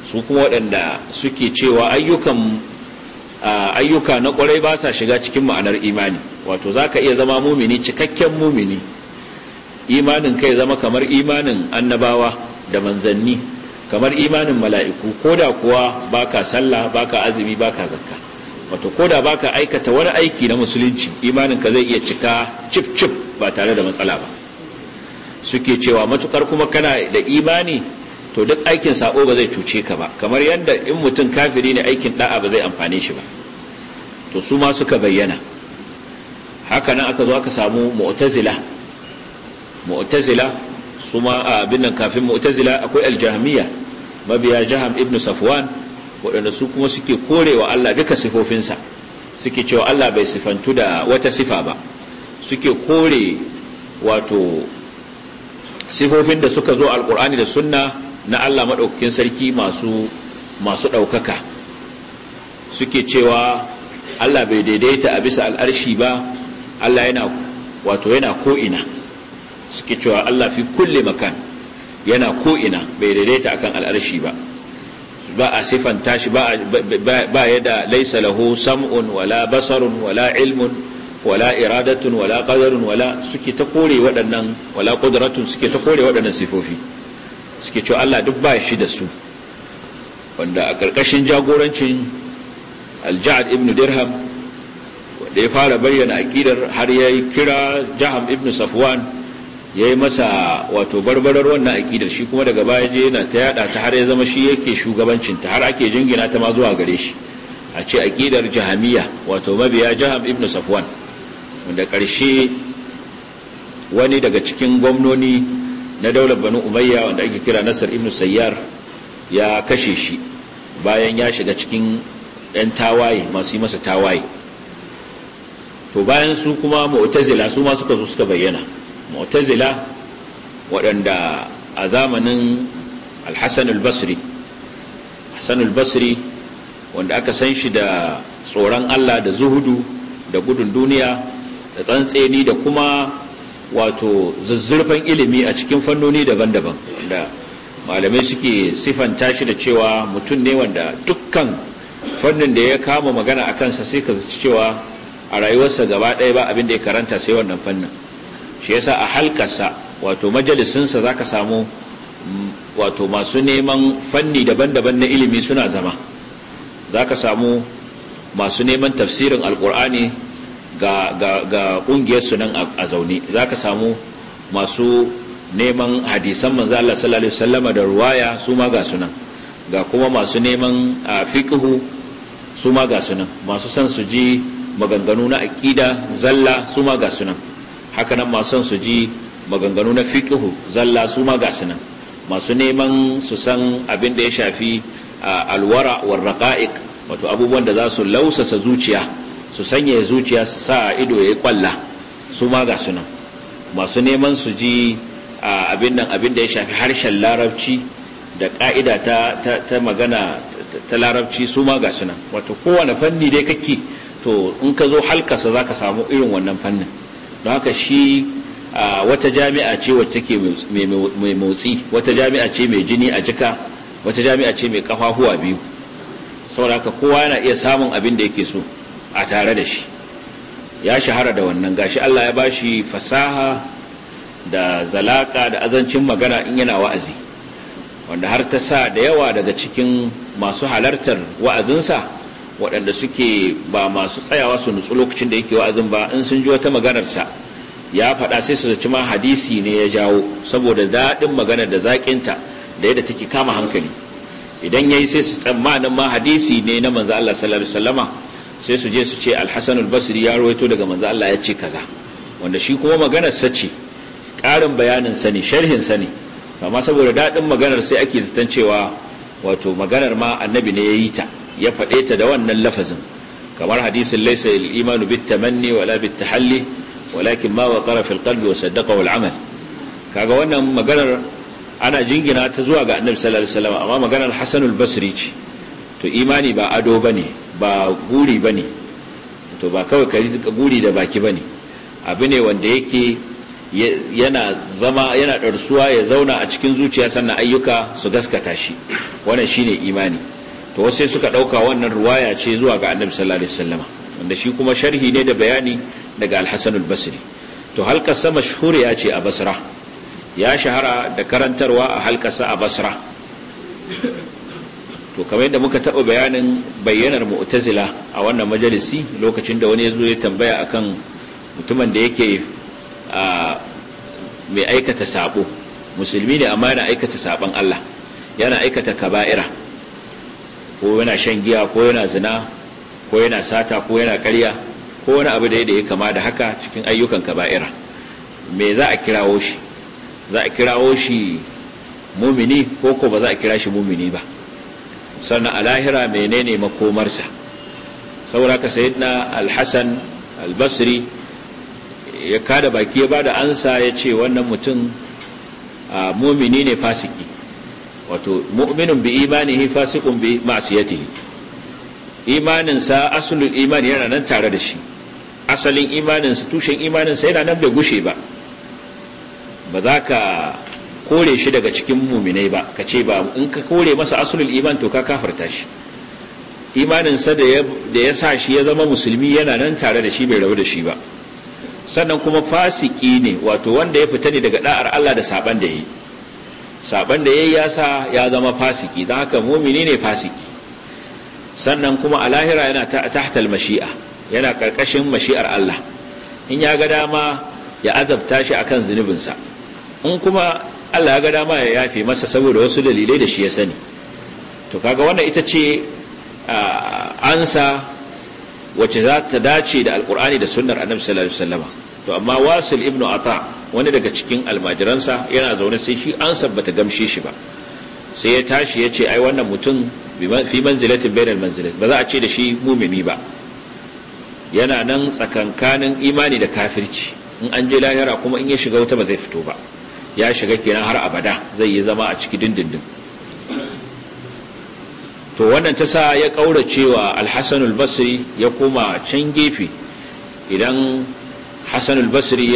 Speaker 1: su kuma waɗanda suke cewa ayyukan ayyuka na ƙwarai ba sa shiga cikin ma'anar imani wato za ka iya zama mumini cikakken mumini imanin kai zama kamar imanin annabawa da manzanni kamar imanin mala'iku ko da kuwa ba ka sallah ka azumi ba ka zakka wato ko da ba ka aikata wani aiki na musulunci imanin ka zai iya cika cip cip ba tare da matsala ba suke cewa matukar kuma kana da imani to duk aikin sabo ba zai cuce ka ba kamar yadda in mutum kafiri ne aikin da'a ba zai amfane shi ba to su ma suka bayyana haka nan aka zo aka samu mu'tazila mu'tazila su ma abin nan kafin mu'tazila akwai aljahmiya mabiya jaham ibn safwan waɗanda su kuma suke korewa Allah duka sifofinsa suke cewa Allah bai sifantu da wata sifa ba suke kore wato sifofin da suka zo alkur'ani da sunna na Allah maɗaukakin sarki masu ɗaukaka suke cewa Allah bai daidaita a bisa al'arshi ba Allah yana wato yana ko'ina suke cewa Allah fi kulle makan yana ko'ina bai daidaita akan al'arshi ba ba a sifanta shi ba ya da laisa laho sam'un wala basarun wala ilmun wala iradatun wala ƙazarun wala suke ta kore waɗannan wala qudratun suke ta kore waɗannan sifofi suke cewa Allah duk ba shi da su wanda a ƙarƙashin jagorancin Al-Ja'ad ibn dirham wanda ya fara bayyana aƙidar har ya kira jaham ibn safwan ya yi masa wato barbarar wannan aƙidar shi kuma daga baya je yana ta yada ta har ya zama shi yake ta har ake jingina ta ma zuwa gare shi a ce aƙidar jahamiya wato mabiya jaham ibn safwan wanda ƙarshe wani daga cikin gwamnoni na daular banu umayya wanda ake kira nasar ibn sayyar ya kashe shi bayan ya shiga cikin 'yan tawaye masu yi masa tawaye to bayan su kuma mu'tazila su ma suka zo suka bayyana mu'tazila waɗanda a zamanin alhassan albasri hassan albasri wanda aka san shi da tsoron allah da zuhudu da gudun duniya da tsantseni da kuma wato zuzzurfan ilimi a cikin fannoni daban-daban da malamai suke sifanta shi da cewa mutum ne wanda dukkan fannin da ya kama magana a kansa sai ka zaci cewa a rayuwarsa gaba ɗaya ba abin da ya karanta sai wannan fannin shi yasa a halkarsa wato majalisinsa za ka samu mm, wato masu neman fanni daban-daban na ilimi suna zama za ka samu masu neman tafsirin alkur'ani ga ƙungiyarsu nan a zaune za ka samu masu neman hadisan manzo Allah sallallahu alaihi wasallama da ruwaya su ma ga sunan ga kuma masu neman fiqhu su ma ga sunan masu san su ji maganganu na aqida zalla su ma ga sunan haka nan masu san su ji maganganu na fiqhu zalla su ma ga sunan masu neman su san abin da ya shafi alwara war raqa'iq wato abubuwan da za su lausasa zuciya su sanya zuciya su sa a ido ya yi kwalla su ma ga suna masu neman su ji abin nan abin da ya shafi harshen larabci da ka'ida ta magana ta larabci su ma ga suna wato kowane fanni dai kake to in ka zo halkasa za ka samu irin wannan fannin don haka shi wata jami'a ce wacce take mai motsi wata jami'a ce mai jini a jika wata jami'a ce mai kafafuwa biyu saboda haka kowa yana iya samun abin da yake so a tare da shi ya shahara da wannan gashi Allah ya bashi fasaha da zalaka da azancin magana in yana wa'azi wanda har ta sa da yawa daga cikin masu halartar wa'azinsa waɗanda suke ba masu tsayawa su nutsu lokacin da yake wa'azin ba in sun ji wata maganarsa ya faɗa sai su zaci ma hadisi ne ya jawo saboda daɗin maganar da zaƙinta da yadda take kama hankali idan ya yi sai su tsammanin ma hadisi ne na manzo Allah sallallahu alaihi wasallama sai su je su ce alhassan basri ya ruwaito daga manzo Allah ya ce kaza wanda shi kuma maganar sa ce ƙarin bayanin sa sharhin sa ne amma saboda daɗin maganar sai ake zaton cewa wato maganar ma annabi ne ya yi ta ya faɗe ta da wannan lafazin kamar hadisin laysa al-imanu bit-tamanni wala bit-tahalli walakin ma waqara fil qalbi wa saddaqa wal amal kaga wannan maganar ana jingina ta zuwa ga annabi sallallahu alaihi wasallam amma maganar hasanul basri ce to imani ba ado bane ba guri ba ne to ba kawai ka guri da baki ba ne abu ne wanda yake yana zama yana ɗarsuwa ya zauna a cikin zuciya sannan ayyuka su gaskata shi wannan shine imani to wasu suka ɗauka wannan ruwaya ce zuwa ga annabi sallallahu alaihi wasallama wanda shi kuma sharhi ne da bayani daga al basri to halkarsa mashhuriya ce a basra ya shahara da karantarwa a halkarsa a basra to kamar yadda muka taɓa bayanin bayyanar mu'tazila a wannan majalisi lokacin da wani ya zo ya tambaya akan mutumin da yake mai aikata sabo musulmi ne amma yana aikata sabon Allah yana aikata kaba'ira ko yana shan giya ko yana zina ko yana sata ko yana ƙarya ko wani abu da ya kama da haka cikin ayyukan kaba'ira me za a kirawo shi za a kirawo shi mumini ko ko ba za a kira shi mumini ba sannan a lahira menene makomarsa saboda ka sayyidina al-hasan al-basri ya kada baki ya bada ansa ya ce wannan mutum mumini ne fasiki wato mu'minun bi imanihi fasiqun bi ma'siyatihi imaninsa asulul iman yana nan tare da shi asalin imaninsa tushen imaninsa yana nan bai gushe ba ba za ka kore shi daga cikin muminai ba ka ce ba in ka kore masa asulul iman to ka kafarta shi imaninsa da ya sa shi ya zama musulmi yana nan tare da shi bai rabu da shi ba sannan kuma fasiki ne wato wanda ya fita ne daga da'ar Allah da saban da yi saban da yayi ya sa ya zama fasiki don haka mumini ne fasiki sannan kuma a lahira yana tahtal mashi'a yana karkashin mashi'ar Allah in ya ga dama ya azabta shi akan zunubinsa in kuma Allah ya ga dama ya yafe masa saboda wasu dalilai da shi ya sani to kaga wannan ita ce ansa wacce za ta dace da alkur'ani da sunnar annabi sallallahu alaihi wasallama to amma wasil ibnu ata wani daga cikin almajiransa yana zaune sai shi ansa bata gamshe shi ba sai ya tashi ya ce ai wannan mutum fi manzilatin bainal manzilat ba za a ce da shi mumini ba yana nan tsakankanin imani da kafirci in an je lahira kuma in ya shiga wuta ba zai fito ba ya shiga kenan har abada zai yi zama a ciki dindindin to wannan ta sa ya kaura cewa alhassan basri ya koma can gefe idan hassan basri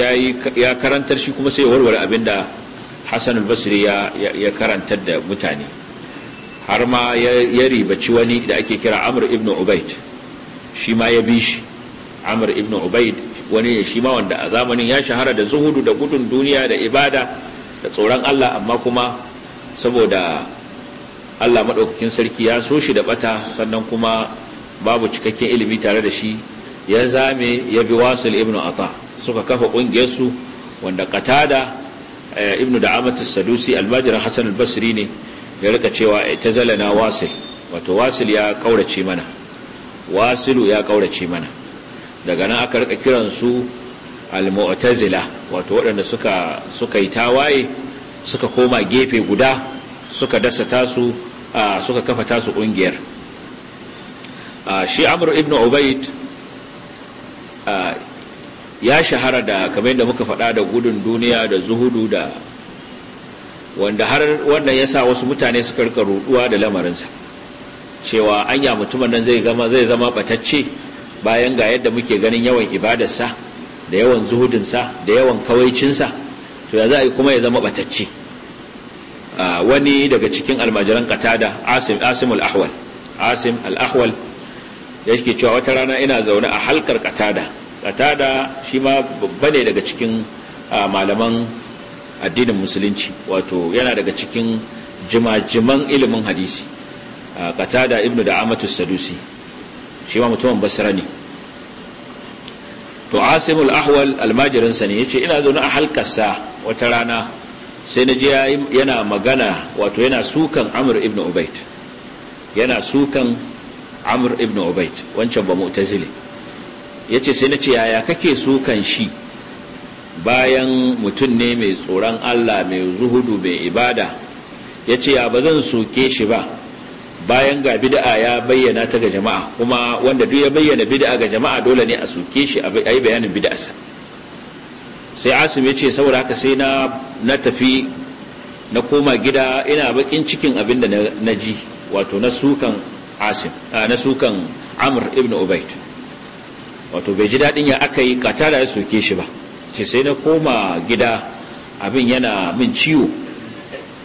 Speaker 1: ya karantar shi kuma sai warware abinda hassan basri ya karantar da mutane har ma ya ribaci wani da ake kira amr ibn ubaid shi ma ya bi shi amr ibn ubaid wani ne shi ma wanda a zamanin ya shahara da zuhudu da gudun duniya da ibada da tsoron Allah amma kuma saboda Allah maɗaukakin sarki ya so shi da ɓata sannan kuma babu cikakken ilimi tare da shi ya zame ya bi wasil ibnu ata suka kafa ƙungiyarsu wanda qatada eh, ibnu da da'amatus sadusi almajirin hasan albasri ne ya rika cewa ta zalana wasil wato wasil ya kaurace mana wasilu ya kaurace mana daga nan aka rika kiransu al-mu'tazila wato waɗanda suka suka yi tawaye suka koma gefe guda suka dasa tasu suka kafa tasu ƙungiyar shi amr ibn ubaid ya shahara da kamar yadda muka faɗa da gudun duniya da zuhudu da wanda har wannan ya sa wasu mutane suka rika ruduwa da lamarinsa cewa anya mutumin nan zai zai zama batacce bayan ga yadda muke ganin yawan ibadarsa da yawan zuhudinsa da yawan kawaicinsa to ya za a yi kuma ya zama batacce wani daga cikin almajiran katada asim asim al-ahwal asim al-ahwal yake cewa wata rana ina zaune a halkar katada katada shi ma babba ne daga cikin malaman addinin musulunci wato yana daga cikin jimajiman ilimin hadisi katada ibnu da amatu sadusi shi ma mutumin basira ne to asimul ahwal almajirinsa ne ya ce ina zaune a halkarsa wata rana sai na ji yana magana wato yana sukan amur ibn ubaid yana sukan amur ibn ubaid wancan ba mu'tazili ya ce sai na ce yaya kake sukan shi bayan mutum ne mai tsoron allah mai zuhudu mai ibada ya ce ya ba zan soke shi ba bayan ga bid'a ya bayyana ta ga jama'a kuma wanda duk ya bayyana bid'a ga jama'a dole ne a soke shi a yi bayanin bid'arsa sai asim ya ce saboda haka sai na na tafi na koma gida ina bakin cikin abin da na ji wato na sukan asim na sukan amr ibn obaid wato bai ji daɗin ya aka yi da ya soke shi ba ce sai na koma gida abin yana min ciwo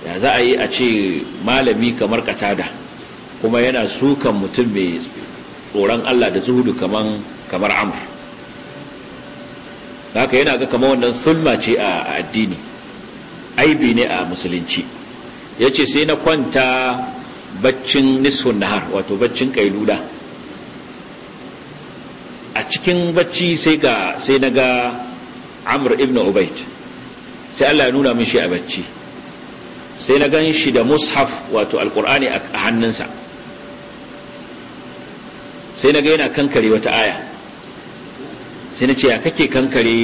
Speaker 1: ya za a yi a ce malami kamar katada kuma yana sukan mutum mai tsoron Allah da zuhudu kamar amr haka yana ga kamar wannan sulma ce a addini aibi ne a musulunci yace sai na kwanta baccin nisfun nahar wato baccin kailula a cikin bacci sai ga sai na ga amr ibn ubaid sai Allah ya nuna min shi a bacci sai na gan shi da mushaf wato alkur'ani a hannunsa sai na ga yana kankare wata aya sai na ce ya kake kankare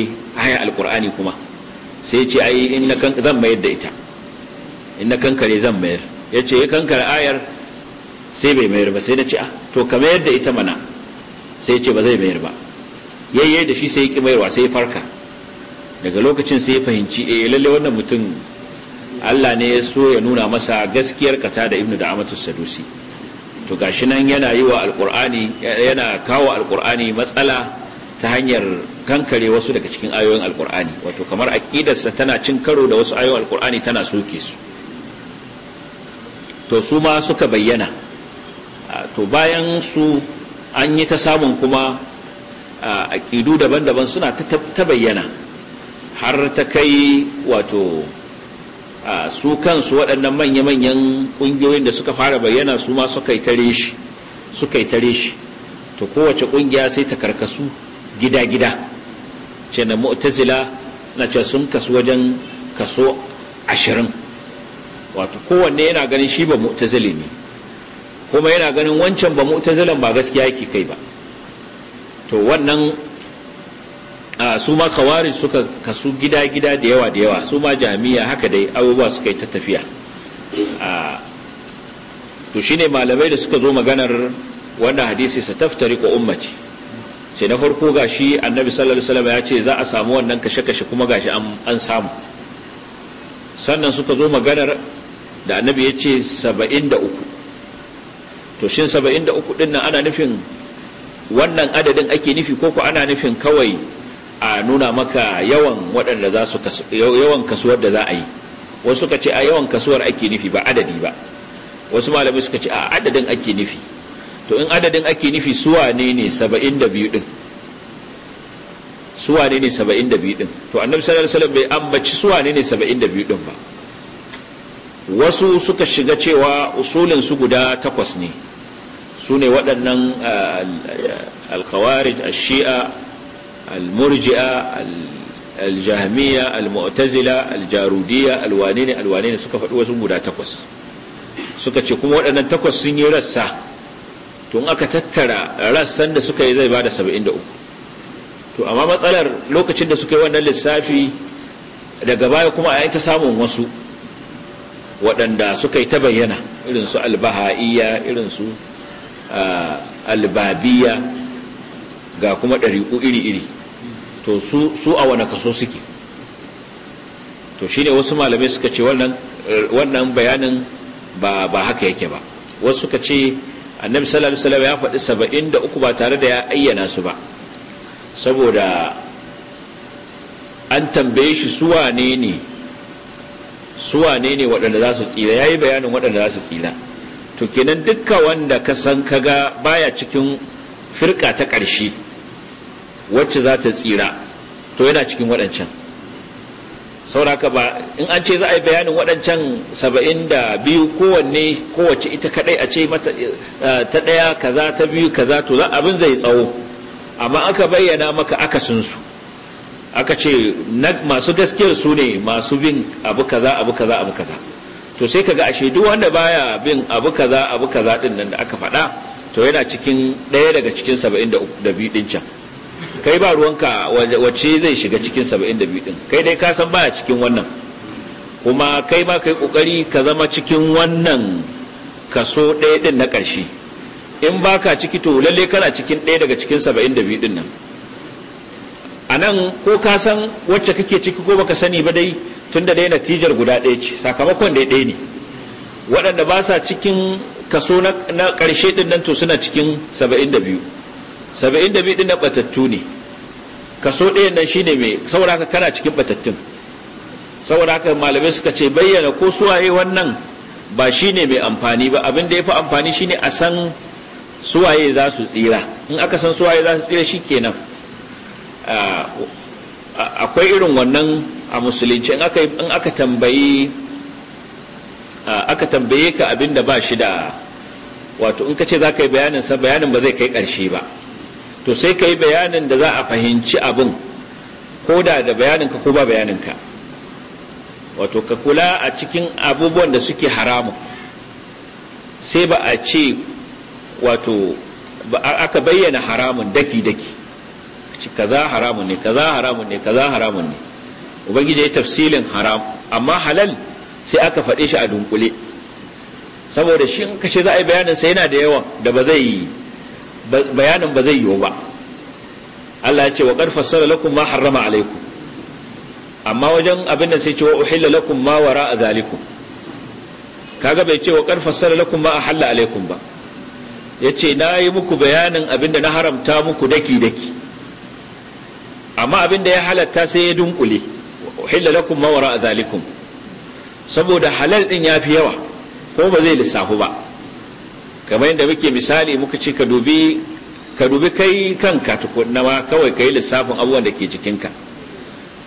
Speaker 1: aya alkur'ani kuma sai ce ai in na zan mayar da ita in na kankare zan mayar ya ce ya kankare ayar sai bai mayar ba sai na ce ah to ka mayar da ita mana sai ce ba zai mayar ba yayye da shi sai ya ki mayarwa sai ya farka daga lokacin sai ya fahimci eh lalle wannan mutum Allah ne ya so ya nuna masa gaskiyar kata da Ibnu da Amatus Sadusi to gashi nan yana yi wa alkur'ani yana kawo alkur'ani matsala ta hanyar kankare wasu daga cikin ayoyin alkur'ani wato kamar aƙidarsa tana cin karo da wasu ayoyin alkur'ani tana soke su to su ma suka bayyana to bayan su an yi ta samun kuma aƙidu daban-daban suna ta bayyana har ta kai wato su kansu waɗannan manya-manyan ƙungiyoyin da suka fara bayyana su ma suka yi tare shi suka yi shi to kowace ƙungiya sai ta karkasu gida-gida ce na mu'tazila na ce sun kasu wajen kaso ashirin wato kowanne yana ganin shi ba mu'tazili ne kuma yana ganin wancan ba mu'tazilan ba gaskiya yake kai ba to wannan su ma kawari suka kasu gida gida da yawa da yawa su ma jami'a haka dai abubuwa suka yi ta tafiya to shine malamai da suka zo maganar wannan hadisi sa taftari ko ummati sai na farko gashi annabi sallallahu alaihi wasallam ya ce za a samu wannan kashe kashe kuma gashi an samu sannan suka zo maganar da annabi ya ce saba'in da uku to shin saba'in da uku ɗin nan ana nufin wannan adadin ake nufi koko ana nufin kawai a nuna maka yawan waɗanda za su yawan kasuwar da za a yi wasu suka ce a yawan kasuwar ake nufi ba adadi ba wasu malamai suka ce a adadin ake nufi to in adadin ake nufi suwa ne ne saba'in da biyu ɗin suwa ne ne saba'in da biyu ɗin to annabi sallallahu alaihi wasallam bai ambaci suwa ne ne saba'in da biyu ɗin ba wasu suka shiga cewa usulin su guda takwas ne su ne waɗannan alkhawarij ashi'a al-murji'a al-jahmiya al-mu'tazila al-jarudiyya al-wanene al-wanene suka faɗi wasu guda takwas suka ce kuma waɗannan takwas sun yi rassa to in aka tattara rassan da suka yi zai bada 73 to amma matsalar lokacin da suka yi wannan lissafi daga baya kuma a ta samun wasu waɗanda suka yi ta bayyana irinsu albaha'iyya irinsu albabiya ga kuma ɗariƙu iri-iri to su a wane kaso suke to shine wasu malamai suka ce wannan bayanin ba haka yake ba wasu suka ce annabi sallallahu alaihi wasallam ya faɗi saba'in da uku ba tare da ya ayyana su ba saboda an tambaye shi su wane ne ne waɗanda za su tsira ya yi bayanin waɗanda za su tsira to kenan dukka wanda ka san kaga baya cikin firka ta ƙarshe wacce za ta tsira to yana cikin waɗancan sauraka ba in an ce za a yi bayanin waɗancan saba'in da biyu kowanne kowace ita kaɗai a ce mata eh, ta ɗaya kaza ta biyu kaza to za abin zai tsawo amma aka bayyana maka akasinsu aka ce masu gaskiyar su ne masu bin abu kaza abu kaza abu kaza to sai kaga ashe duk wanda baya bin abu kaza abu kaza din nan da aka faɗa to yana cikin ɗaya daga cikin saba'in da biyu ɗin can kai ba ruwanka wace zai shiga cikin 72 din kai dai ka san baya cikin wannan kuma kai ma kai kokari ka zama cikin wannan kaso ɗaya din na ƙarshe in baka ciki to lalle kana cikin ɗaya daga cikin 72 din nan a nan ko ka san wacce kake ciki ko baka sani ba dai tunda dai natijar guda ɗaya ce sakamakon dai ɗaya ne waɗanda ba sa cikin kaso na ƙarshe din nan to suna cikin 72 72 din na batattu ne kaso ɗaya nan shine mai saboda ka kana cikin batattun saboda haka malamai suka ce bayyana ko suwaye wannan ba shine mai amfani ba abin da ya fi amfani shine a san suwaye za su tsira in aka san suwaye za su tsira shikenan akwai irin wannan a musulunci in aka in tambayi aka tambaye ka abin da ba shi da wato in ka ce za ka yi bayanin sa bayanin ba zai kai ƙarshe ba to sai ka yi bayanin da za a fahimci abin ko da da bayaninka ko ba bayaninka wato ka kula a cikin abubuwan da suke haramun sai ba a ce wato aka bayyana haramun daki-daki kaza haramun ne kaza haramun ne kaza haramun ne ubangiji ya tafsilin haram amma halal sai aka faɗe shi a dunkule saboda shi in ka ce za a yi bayanin sai yana da yawan da ba zai yi bayanin ba zai yiwu ba Allah ya ce wa qad fassara lakum ma harrama alaikum amma wajen abin da sai ce wa uhilla lakum ma wara'a zalikum kaga bai ce wa qad fassara lakum ma ahalla alaikum ba yace na yi muku bayanin abin da na haramta muku daki daki amma abin da ya halatta sai ya dunkule uhilla lakum ma wara zalikum saboda halal din fi yawa ko ba zai lissafu ba kamar yadda muke misali muka ce ka dubi ka dubi kai kanka tukunna ma kawai ka yi lissafin abubuwan da ke jikinka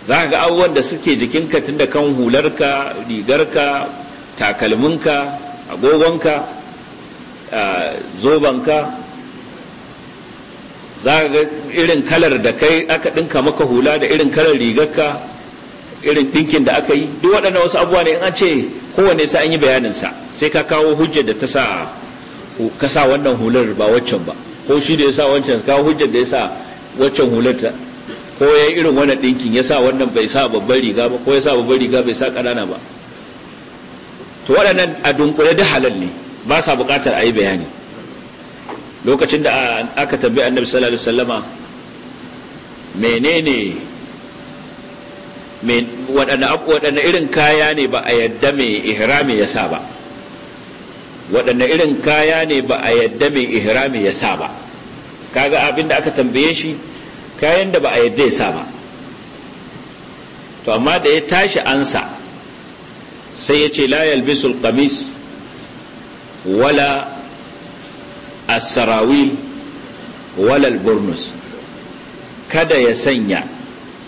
Speaker 1: za ka ga abubuwan da suke jikinka tunda kan hularka rigarka takalminka agogonka zobanka za ka ga irin kalar da kai aka ɗinka maka hula da irin kalar rigarka irin ɗinkin da aka yi duk waɗannan wasu abubuwa ne in an ce kowane sa an yi bayaninsa sai ka kawo hujjar da ta sa ka sa wannan hular ba waccan ba ko shi da ya sa wancan ka hujjar da ya sa waccan hular ta ko ya yi irin wannan ɗinkin ya sa wannan bai sa babbar riga ba ko ya sa babbar riga bai sa ƙanana ba to waɗannan a dunkule da halal ne ba sa buƙatar a yi bayani lokacin da aka tambayi annabi sallallahu alaihi wasallama menene waɗanne irin kaya ne ba a yadda mai ihrami ya sa ba waɗanne irin kaya ne ba a yadda mai ihrami ya sa ba kaga abin da aka tambaye shi kayan da ba a yadda ya sa ba to amma da ya tashi ansa sai ya ce la yalbisul qamis wala as-sarawil wala al-burnus kada ya sanya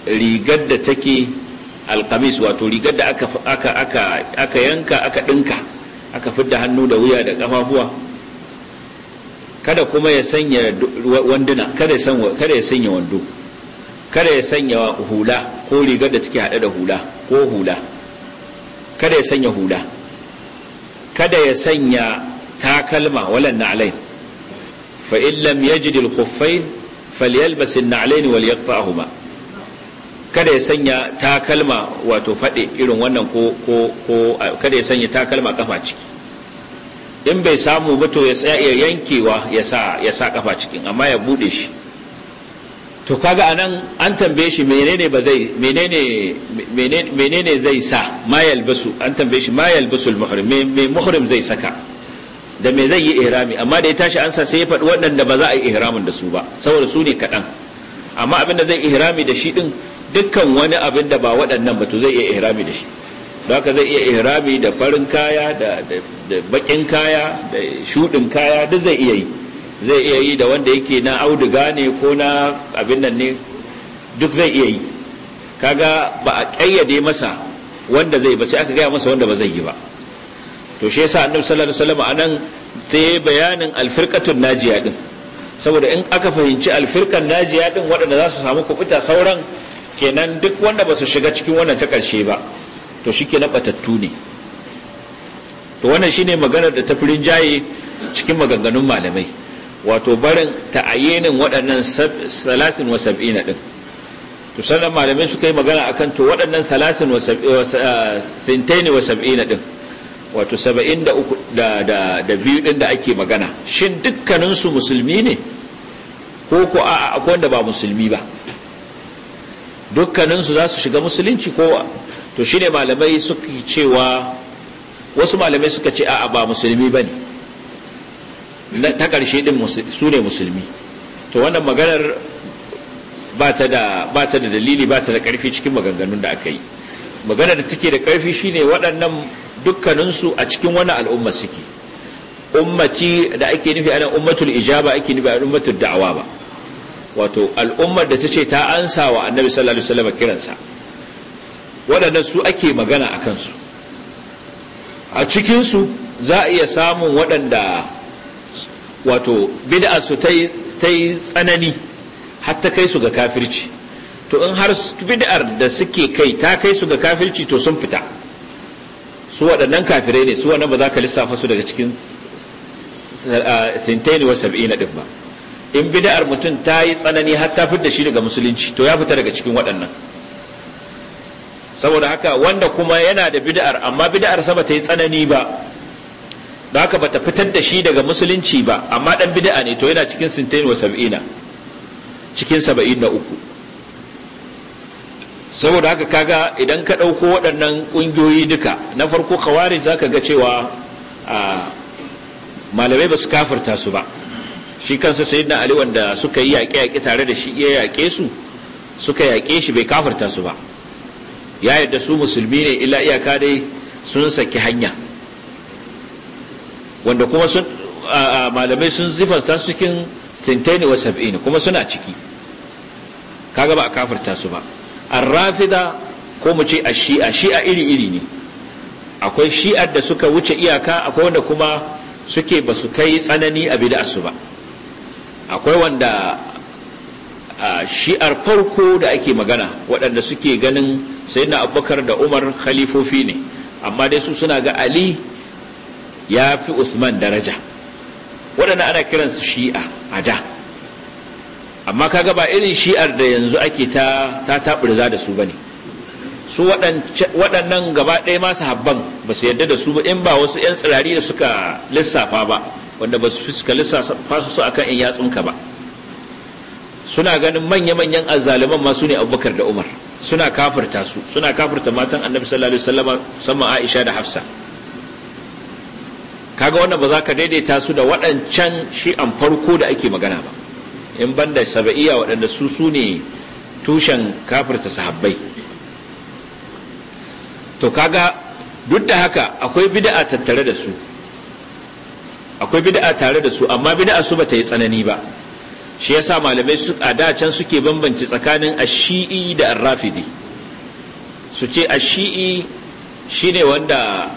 Speaker 1: rigar da take al-qamis wato rigar da aka aka aka yanka aka dinka aka fidda hannu da wuya da kafafuwa kada kuma ya sanya wanduna kada ya sanya kada ya sanya wando kada ya sanya hula ko rigar da take hade da hula ko hula kada ya sanya hula kada ya sanya takalma walan na'lain fa in lam yajid al-khuffayn falyalbas an-na'layn walyaqta'huma kada ya sanya takalma wato faɗe irin wannan ko kada ya sanya takalma kafa ciki in bai samu ba to ya tsaya yankewa ya sa ya sa kafa cikin amma ya bude shi to kaga anan an tambaye shi menene ba zai menene zai sa mayal basu an tambaye shi mayal muhrim me muhrim zai saka da me zai yi ihrami amma da ya tashi an sa sai ya faɗi waɗanda ba za a yi ihramin da su ba saboda su ne kaɗan amma abin da zai ihrami da shi din dukkan wani abin da ba waɗannan ba to zai iya ihrami da shi haka zai iya ihrami da farin kaya da bakin kaya da shudin kaya duk zai iya yi zai iya yi da wanda yake na auduga ne ko na abin nan ne duk zai iya yi kaga ba a ƙayyade masa wanda zai ba sai aka gaya masa wanda ba zai yi ba to shi yasa annabi sallallahu alaihi wasallam anan sai bayanin alfirqatun najiya din saboda in aka fahimci alfirkan najiya din waɗanda za su samu kubuta sauran kenan duk wanda ba su shiga cikin wannan ta ƙarshe ba to shi kenan batattu ne to wannan shine maganar da ta fi jaye cikin maganganun malamai wato barin ta'ayyinin waɗannan salatin wa sab'ina din to sannan malamai suka yi magana akan to waɗannan salatin wa sintaini wa sab'ina din wato saba'in da uku da da biyu din da ake magana shin dukkaninsu musulmi ne ko ko a'a akwai wanda ba musulmi ba dukkaninsu za su shiga musulunci kowa to shine malamai suka cewa wasu malamai suka ce a'a ba musulmi ba ne ta ƙarshe din su ne musulmi to wannan maganar ba ta da dalili ba ta da ƙarfi cikin maganganun da aka yi maganar da take da ƙarfi shine waɗannan dukkaninsu a cikin wani al'umma suke ummati da ake nufi anan ummatul ijaba ake nufi a ummatul da'awa ba wato al'ummar da ta ce ta ansa wa annabi sallallahu alaihi wasallam kiransa waɗannan su ake magana a kansu a cikinsu za a iya samun waɗanda wato bid'arsu ta yi tsanani har ta kai su ga kafirci to in har bid'ar da suke kai ta kai su ga kafirci to sun fita su waɗannan kafirai ne su wannan ba za ka lissafa su daga cikin uh, sintaini wa sab'ina ɗin ba in bida'ar mutum ta yi tsanani har ta fitar shi daga musulunci to ya fita daga cikin waɗannan saboda haka wanda kuma yana da bida'ar amma bida'ar sa bata yi tsanani ba da haka bata fitar da shi daga musulunci ba amma dan bida'a ne to yana cikin sintain wa sab'ina cikin saba'in da uku saboda haka kaga idan ka ɗauko waɗannan ƙungiyoyi duka na farko khawarij zaka ga cewa malamai ba su kafirta su ba shi kansa sayyidina ali wanda suka yi yaƙe yaƙe tare da shi iya yaƙe su suka yaƙe shi bai kafarta su ba ya yadda su musulmi ne illa iyaka dai sun saki hanya wanda kuma sun malamai sun zifarta su cikin sintaini wa sab'ini kuma suna ciki kaga ba a kafarta su ba arrafida ko mu ce a shi'a shi'a iri iri ne akwai shi'ar da suka wuce iyaka akwai wanda kuma suke ba su kai tsanani a bid'a su ba akwai wanda a shi'ar farko da ake magana waɗanda suke ganin sai na abubakar da umar khalifofi ne amma dai su suna ga ali ya fi usman daraja waɗanda ana kiransu shi'a a da amma kaga ba irin shi'ar da yanzu ake ta taɓurza da su ba ne su waɗannan gaba ɗaya masu habban ba su yarda da su ba in ba wasu 'yan tsirari da suka lissafa ba wanda ba su fuska su akan in yatsunka ba suna ganin manya-manyan azzaliman ma su ne abubakar da umar suna kafirta su suna kafirta matan annabi sallallahu alaihi wasallam musamman aisha da hafsa kaga wannan ba za ka daidaita su da waɗancan an farko da ake magana ba in banda saba'iya waɗanda su su ne tushen kafirta sahabbai to kaga duk da haka akwai bid'a tattare da su akwai bid'a tare da su amma bid'a su bata yi tsanani ba shi yasa malamai su a da can suke bambance tsakanin ashi'i da arrafidi su ce ashi'i shine wanda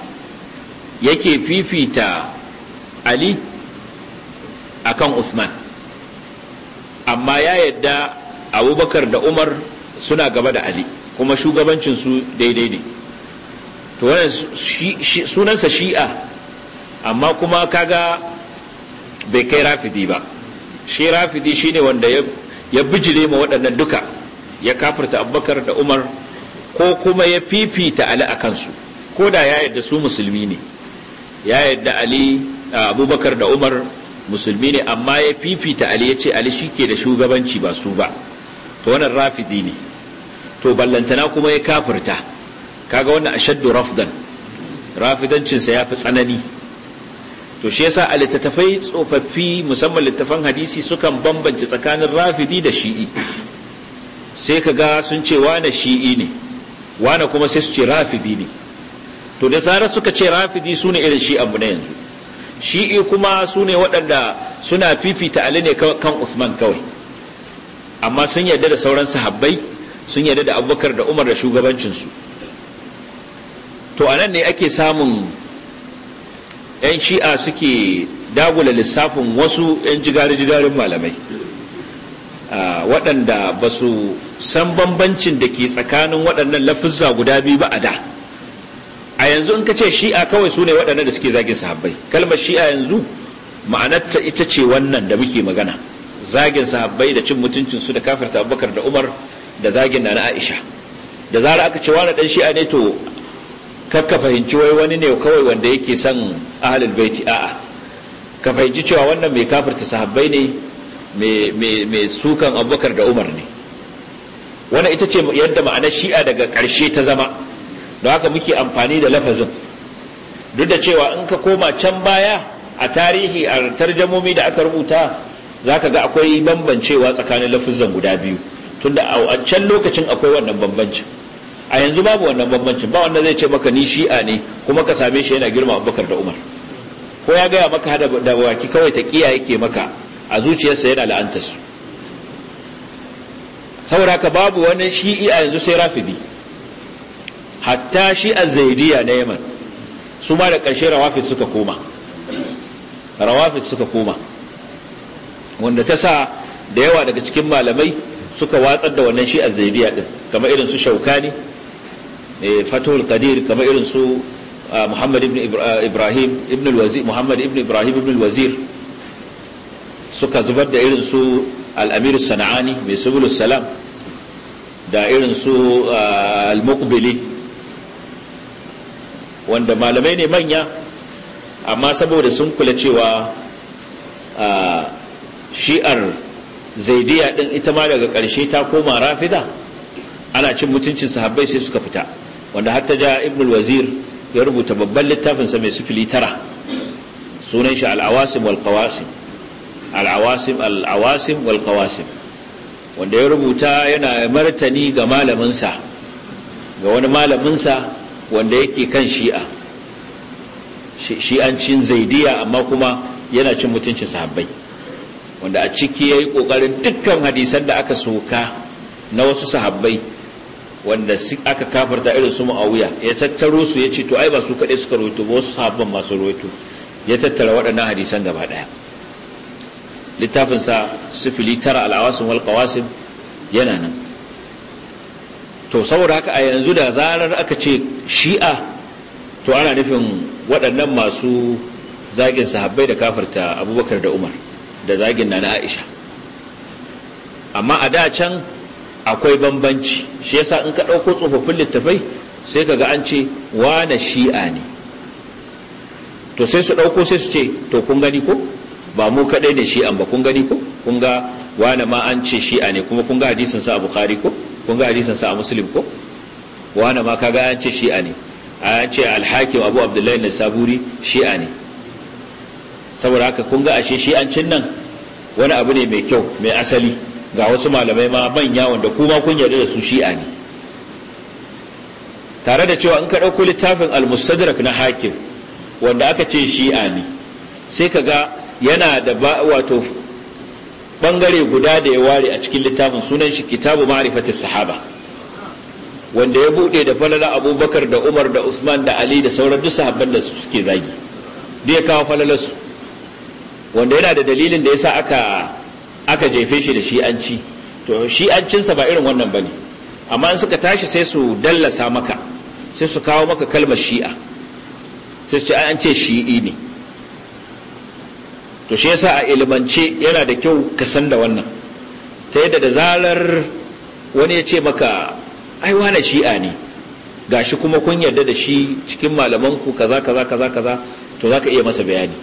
Speaker 1: yake fifita ali akan Usman, amma ya yadda abubakar da umar suna gaba da ali kuma shugabancinsu daidai ne to wannan sunansa shi'a amma kuma kaga bai kai rafidi ba shi rafidi shine wanda ya bijire ma waɗannan duka ya kafirta abubakar da umar ko kuma ya fifita ali a kansu ko da ya yadda su musulmi ne ya yadda ali abubakar da umar musulmi ne amma ya fifita ali ya ce ali shi ke da shugabanci ba su ba to wannan rafidi ne to ballantana kuma ya kafirta kaga wannan ashaddu rafdan rafidancinsa ya fi tsanani to shi yasa a littattafai tsofaffi musamman littattafan hadisi sukan bambanci tsakanin rafidi da shi'i sai ka ga sun ce wane shi'i ne wane kuma sai su ce rafidi ne to da zarar suka ce rafidi su ne irin shi na yanzu shi'i kuma su ne waɗanda suna fifita ali ne kan usman kawai amma sun yarda da sauran sahabbai sun yarda da abubakar da umar da shugabancinsu to anan ne ake samun 'yan shi'a suke dagula lissafin wasu 'yan jigari-jigarin malamai waɗanda ba su san bambancin da ke tsakanin waɗannan lafizza guda biyu ba a da a yanzu in ka ce shi'a kawai su ne waɗanda da suke zagin sahabbai kalmar shi'a yanzu ma'anarta ita ce wannan da muke magana zagin sahabbai da cin mutuncin su da kafirta abubakar da umar da zagin na na aisha da zara aka ce wani ɗan shi'a ne to kakka fahimci wai wani ne kawai wanda yake son ahalul baiti a'a ka fahimci cewa wannan mai kafirta sahabbai ne mai sukan abubakar da umar ne wannan ita ce yadda ma'ana shi'a daga ƙarshe ta zama don haka muke amfani da lafazin duk da cewa in ka koma can baya a tarihi a tarjamomi da aka rubuta za ka ga akwai bambancewa tsakanin lafazin guda biyu tunda a wancan lokacin akwai wannan bambancin a yanzu babu wannan bambancin ba wanda zai ce maka ni shi'a ne kuma ka same shi yana girma abubakar da umar ko ya gaya maka hada da waki kawai ta kiya yake maka a zuciyarsa yana la'antarsu. su saboda ka babu wani shi'i a yanzu sai rafidi hatta shi'a zaidiya na yaman su ma da ƙarshe rawafis suka koma rawafis suka koma wanda ta sa da yawa daga cikin malamai suka watsar da wannan shi'a zaidiya din kamar irin su shauka ne. Eh, fatul qadir kamar irin su ah, muhammad ibn ah, ibrahim ibn al-wazir muhammad ibn ibrahim ibn al-wazir suka zubar da irin su al-amir sana'ani mai subul salam da irin su ah, al-muqbili wanda malamai ne manya amma saboda sun kula cewa shi'ar zaidiya din ita ma daga ƙarshe ta koma rafida ana cin mutuncin sahabbai sai suka fita wanda hatta ja ibn wazir ya rubuta babban littafinsa mai sifili tara sunan shi al'awasim wal qawasim al'awasim al'awasim wal qawasim wanda ya rubuta yana martani ga malaminsa ga wani malaminsa wanda yake kan shi'a shi'ancin zaidiya amma kuma yana cin mutuncin sahabbai wanda a ciki ya yi ƙoƙarin dukkan hadisan da aka soka na wasu sahabbai wanda aka kafarta irin su ma'awiya ya tattaro su ya ce to ai ba su kaɗai suka rawaito ba wasu sahabban masu rawaito ya tattara waɗannan hadisan gaba ɗaya littafinsa sifili tara al'awasin wal yana nan to saboda haka a yanzu da zarar aka ce shi'a to ana nufin waɗannan masu zagin sahabbai da kafarta abubakar da umar da zagin na na aisha amma a da can akwai bambanci shi yasa in ka ɗauko tsofaffin littafai sai ka ga an ce wane shi'a ne to sai su ɗauko sai su ce to kun gani ko ba mu kaɗai da shi'an ba kun gani ko kun ga wane ma an ce shi'a ne kuma kun ga hadisin sa a bukhari ko kun ga hadisin sa a muslim ko wane ma ka ga an ce shi'a ne an ce alhakim abu abdullahi na saburi shi'a ne saboda haka kun ga ashe shi'ancin nan wani abu ne mai kyau mai asali ga wasu malamai ma manya wanda kuma kun yarda da su shi'a ne tare da cewa in ka ɗauko littafin al na hakim wanda aka ce shi'a ne sai ka ga yana da wato bangare guda da ya ware a cikin littafin sunan shi kitabu ma'rifatis sahaba wanda ya buɗe da falala abubakar da umar da usman da ali da sauran duk sahabban da suke zagi da ya kawo falalarsu wanda yana da dalilin da yasa aka aka jefe shi da shi'anci to shi'ancinsa ba irin wannan ba ne, amma in suka tashi sai su dallasa maka sai su kawo maka kalmar shi'a sai su ce an ce shi'i ne to shi yasa a ilimance yana da kyau ka san da wannan ta yadda da zarar wani ya ce maka ai wane shi'a ne gashi kuma kun yarda da shi cikin malamanku kaza kaza kaza kaza to zaka iya masa bayani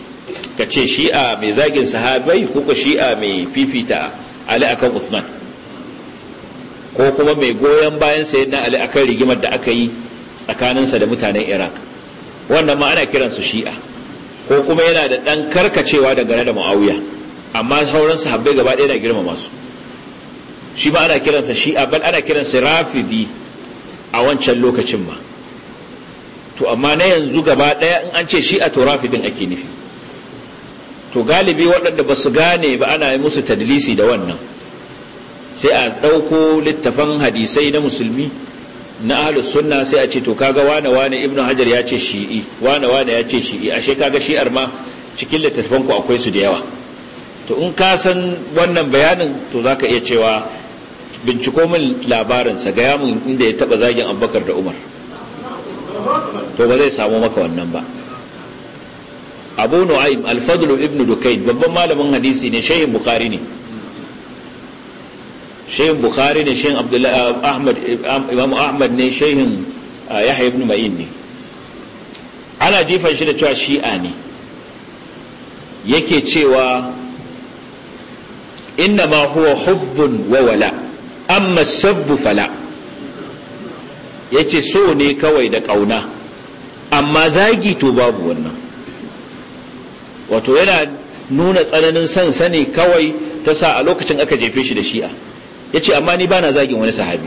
Speaker 1: ka ce shi'a mai zagin sahabai ko ka shi'a mai fifita ali akan usman ko kuma mai goyon bayan sayan na ali akan rigimar da aka yi tsakaninsa da mutanen iraq wannan ma ana kiransu shi'a ko kuma yana da ɗan karkacewa dangane da ma'auya amma sauran sahabbai gaba ɗaya na girma masu shi ma ana kiransa shi'a bal ana kiransa rafidi a wancan lokacin ma to amma na yanzu gaba ɗaya in an ce shi'a to rafidin ake nufi to galibi waɗanda ba su gane ba ana yi musu tadlisi da wannan sai a ɗauko littafan hadisai na musulmi na ahlus sunna sai a ce to kaga wane wane ibnu hajar ya ce shi'i wane wane ya ce shi'i ashe kaga shi'ar ma cikin littafan ku akwai su da yawa to in ka san wannan bayanin to zaka iya cewa binciko min labarinsa gaya min inda ya taba zagin abubakar da umar to ba zai samu maka wannan ba abu nu'aym al-fadl ibn dukayn babban malamin hadisi ne shaykh bukhari ne shaykh bukhari ne shaykh abdullah uh, ahmad um, imam ahmad ne shaykh uh, yahya ibn ma'in ne ana jifan shi da cewa shi'a ne yake cewa inna ma huwa hubbun wa wala amma sabbu fala yace so ne kawai da kauna amma zagi to babu wannan wato yana nuna tsananin san sani kawai ta sa a lokacin aka jefe shi da shi'a ya ce amma ni ba na zagin wani sahabi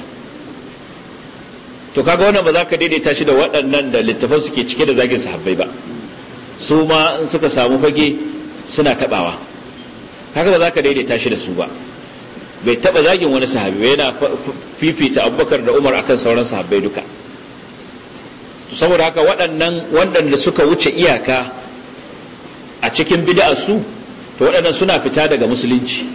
Speaker 1: to kaga wannan ba za ka daidaita shi da waɗannan da littafan suke cike da zagin sahabbai ba su ma in suka samu fage suna taɓawa kaga ba za ka daidaita shi da su ba bai taɓa zagin wani sahabi ba yana fifita abubakar da umar akan sauran sahabbai duka saboda haka waɗannan waɗanda suka wuce iyaka a cikin bid'ar su to waɗannan suna fita daga musulunci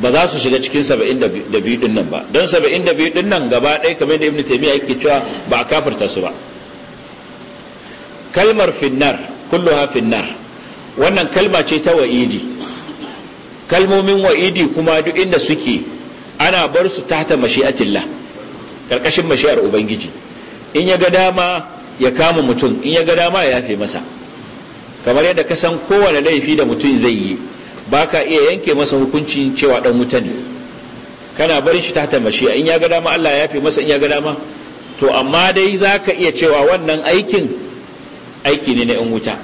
Speaker 1: ba za su shiga cikin 72 din nan ba don 72 din nan gaba ɗaya kamar da ibnu taimiyya yake cewa ba a kafirta su ba kalmar finnar kulluha finnar wannan kalma ce ta wa'idi kalmomin wa'idi kuma duk inda suke ana bar su tahta mashi'atillah karkashin mashi'ar ubangiji in ya ga dama ya kama mutum in ya ga dama ya yafe masa kamar yadda ka san kowane laifi da mutum zai yi ba ka iya yanke masa hukuncin cewa dan wuta ne kana barin shi tahta mashiya in ya ga dama Allah ya fi masa in ya ga dama to amma dai za ka iya cewa wannan aikin aiki ne na yan wuta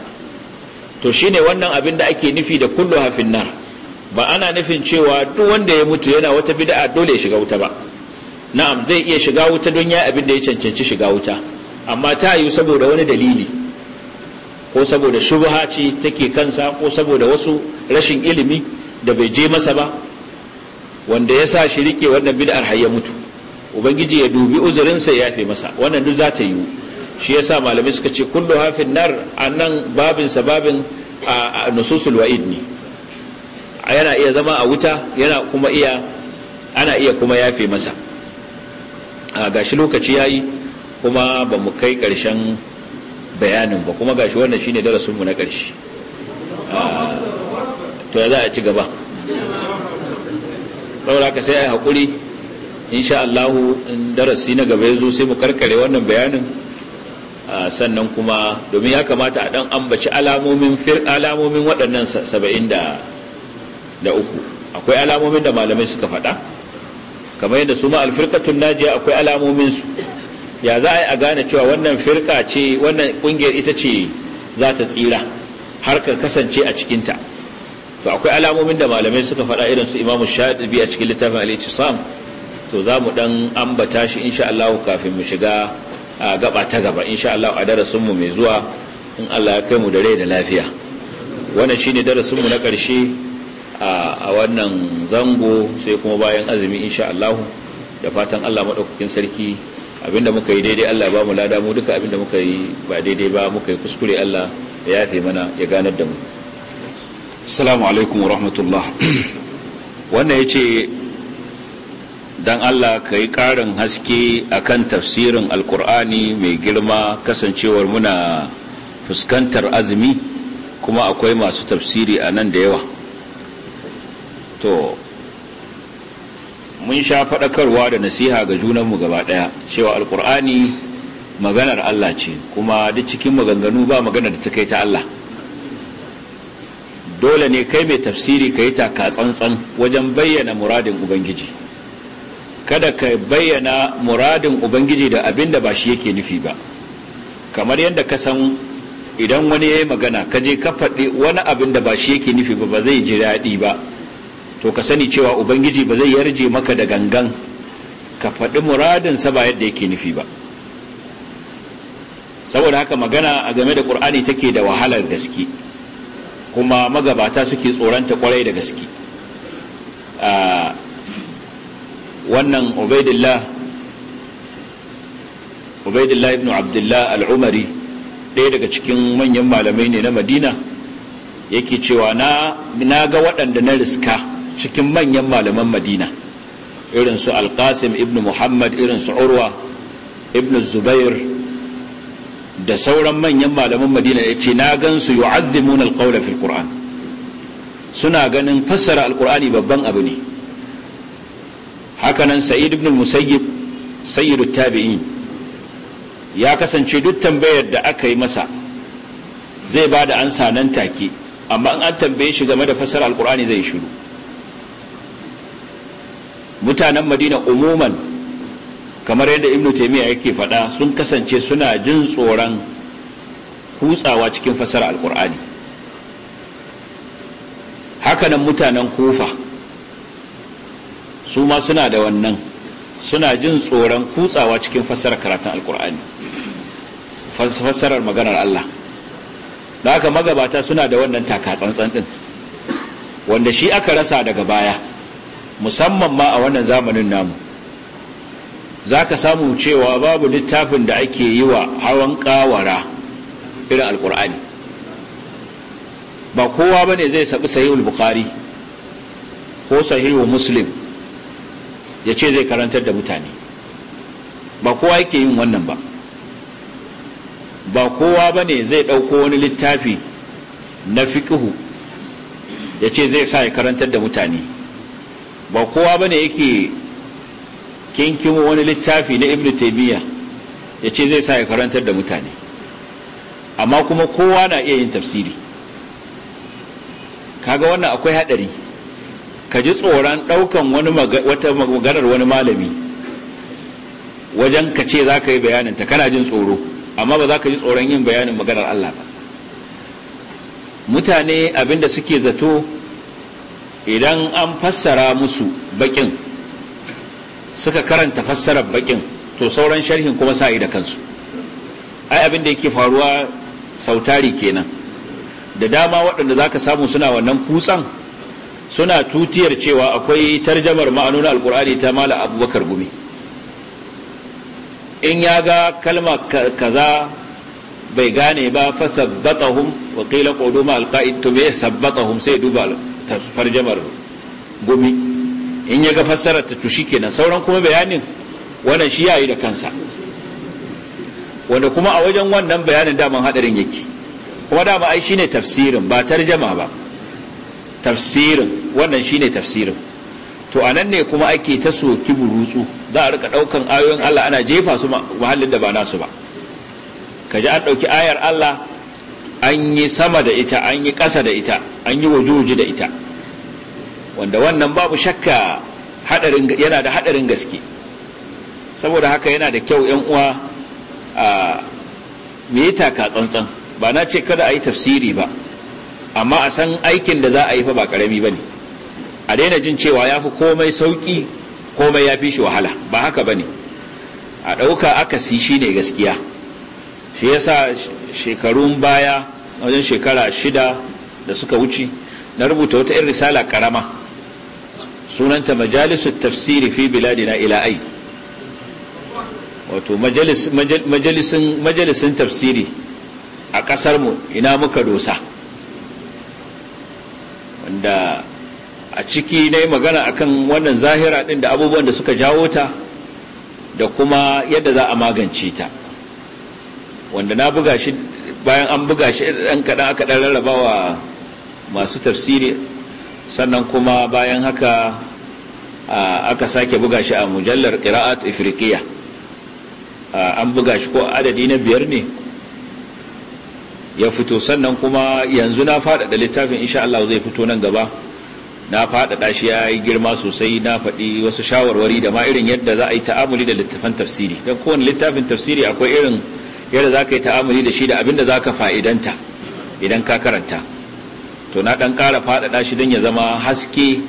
Speaker 1: to shine wannan abin da ake nufi da kullu hafin nar ba ana nufin cewa duk wanda ya mutu yana wata bid'a dole ya shiga wuta ba na'am zai iya shiga wuta don ya abin da ya cancanci shiga wuta amma ta yiwu saboda wani dalili ko saboda shubha ce take kansa ko saboda wasu rashin ilimi da bai je masa ba wanda ya sa shi rike wannan bid'ar har ya mutu ubangiji ya dubi uzurinsa ya yafe masa wannan duk za ta yiwu shi yasa malamai suka ce kullu hafin nar anan babin sababin a nususul wa'id ne yana iya zama a wuta yana kuma iya ana iya kuma yafe masa a gashi lokaci yayi kuma ba mu kai ƙarshen bayanin ba kuma gashi wannan shine darasin mu na ƙarshe to za a ci gaba saboda ka sai a hakuri insha Allah in darasi na gaba yazo sai mu karkare wannan bayanin sannan kuma domin ya kamata a dan ambaci alamomin fir alamomin waɗannan 70 da uku akwai alamomin da malamai suka faɗa kamar yadda su ma alfirkatun najiya akwai alamomin su ya za a gane cewa wannan firka ce wannan kungiyar ita ce za ta tsira har ka kasance a cikinta to akwai alamomin da malamai suka faɗa irin su imamu shaɗi a cikin littafin al sam. to za mu dan ambata shi insha Allah kafin mu shiga a gaba ta gaba insha Allah a darasin mu mai zuwa in Allah ya kai mu da rai da lafiya wannan shine darasin mu na ƙarshe a wannan zango sai kuma bayan azumi insha Allah da fatan Allah madaukakin sarki abinda muka yi daidai Allah ba mu lada mu duka abinda muka yi ba daidai ba muka yi kuskure Allah ya yafe mana ya ganar da mu assalamu alaikum wa rahmatullah wannan yace dan Allah ka yi ƙarin haske akan tafsirin alkur'ani mai girma kasancewar muna fuskantar azumi kuma akwai masu tafsiri a nan da yawa to mun sha faɗakarwa da nasiha ga junanmu gaba ɗaya cewa alkur'ani maganar Allah ce kuma duk cikin maganganu ba maganar da ta kai ta Allah dole ne kai mai tafsiri ka yi taka tsantsan wajen bayyana muradin ubangiji kada ka bayyana muradin ubangiji da abin da ba shi yake nufi ba kamar yadda ka san idan wani ya yi magana ka je ka faɗi wani abin da ba shi yake nufi ba ba zai ji daɗi ba to ka sani cewa ubangiji ba zai yarje maka da gangan ka faɗi muradinsa ba yadda yake nufi ba saboda haka magana a game da ƙur'ani take da wahalar gaske kuma magabata suke tsoronta ƙwarai da gaske wannan ubaidullah ibn abdullah al'umari ɗaya daga cikin manyan malamai ne na madina yake cewa na ga waɗanda na riska cikin manyan malaman madina irin su alkasim ibn muhammad irin su urwa ibn zubair da sauran manyan malaman madina ya ce na gan su yu'azzimuna alqawla fil qur'an suna ganin fassara alkur'ani babban abu ne hakanan sa'id ibn musayyib sayyidu tabi'in ya kasance duk tambayar da aka yi masa zai ba da ansa nan take amma an tambaye shi game da fassara alqur'ani zai shiru mutanen madina umuman kamar yadda ibnu taimiyya yake faɗa sun kasance suna jin tsoron kutsawa cikin fasar alkur'ani hakanan mutanen kufa su ma suna da wannan suna jin tsoron kutsawa cikin fasara karatun alkur'ani fasarar maganar allah da haka magabata suna da wannan takatsantsan din wanda shi aka rasa daga baya musamman ma a wannan zamanin namu za ka samu cewa babu littafin da ake yi wa hawan kawara irin alkur'ani ba kowa ba ne zai saɓi sahihul bukhari ko sahihu muslim ya ce zai karantar da mutane ba kowa yake yin wannan ba ba kowa ba ne zai ɗauko wani littafi na fiƙihu ya ce zai sa ya karantar da mutane ba kowa ba ne yake kinkimo wani littafi na Ibn taymiya ya ce zai sa ya karantar da mutane amma kuma kowa na iya yin tafsiri kaga wannan akwai hadari ka ji tsoron ɗaukan wani wata maganar wani malami wajen ka ce za ka yi bayaninta kana jin tsoro amma ba za ka ji tsoron yin bayanin maganar Allah ba mutane abinda suke zato idan an fassara musu bakin suka karanta fassarar bakin to sauran sharhin kuma sa'i da kansu ai abin da yake faruwa sautari kenan da dama waɗanda za ka samu suna wannan kutsan suna tutiyar cewa akwai tarjamar ma'anonin alkur'ani ta mala abubakar gumi in ya ga kalma kaza bai gane ba fa sabbatahum wa qila quduma alqa'id to me sabbatahum sai duba farjamar gumi in ya ga fassarar ta to shikenan sauran kuma bayanin wannan shi yayi da kansa wanda kuma a wajen wannan bayanin daman hadarin yake kuma dama ai shine tafsirin ba tarjama ba tafsirin wannan shine tafsirin to anan ne kuma ake ta soki burutsu za a rika daukan ayoyin Allah ana jefa su mahallin da ba nasu ba kaji an dauki ayar Allah an yi sama da ita an yi ƙasa da ita an yi wujuji da ita wanda wannan babu shakka yana da haɗarin gaske saboda haka yana da kyau yan uwa a me ka tsantsan ba na ce kada a yi tafsiri ba amma a san aikin da za a yi fa ba ƙarami ba ne a daina jin cewa ya fi komai sauƙi komai ya fi shi wahala ba haka ba ne a ɗauka akasi shi ne gaskiya shi yasa shekarun baya wajen shekara shida da suka wuce na rubuta wata 'yan risala karama sunanta majalisu tafsiri fi biladina ila'ai wato majalisun tafsiri a ƙasarmu ina muka dosa wanda a ciki na magana akan wannan zahira ɗin da abubuwan da suka jawo ta da kuma yadda za a magance ta wanda na buga shi bayan an buga shi ɗan kaɗan aka ɗan rarraba wa masu tafsiri sannan kuma bayan haka aka sake buga shi a mujallar ƙira'at ifirkiya an buga shi ko adadi na biyar ne ya fito sannan kuma yanzu na faɗaɗa littafin insha Allah zai fito nan gaba na faɗaɗa shi ya yi girma sosai na faɗi wasu shawarwari da ma irin yadda za a yi ta'amuli da littafan tafsiri don kowane littafin tafsiri akwai irin yadda za ka yi ta'amuli da shi da abin da za ka fa'idanta idan ka karanta to na ɗan ƙara faɗaɗa shi don ya zama haske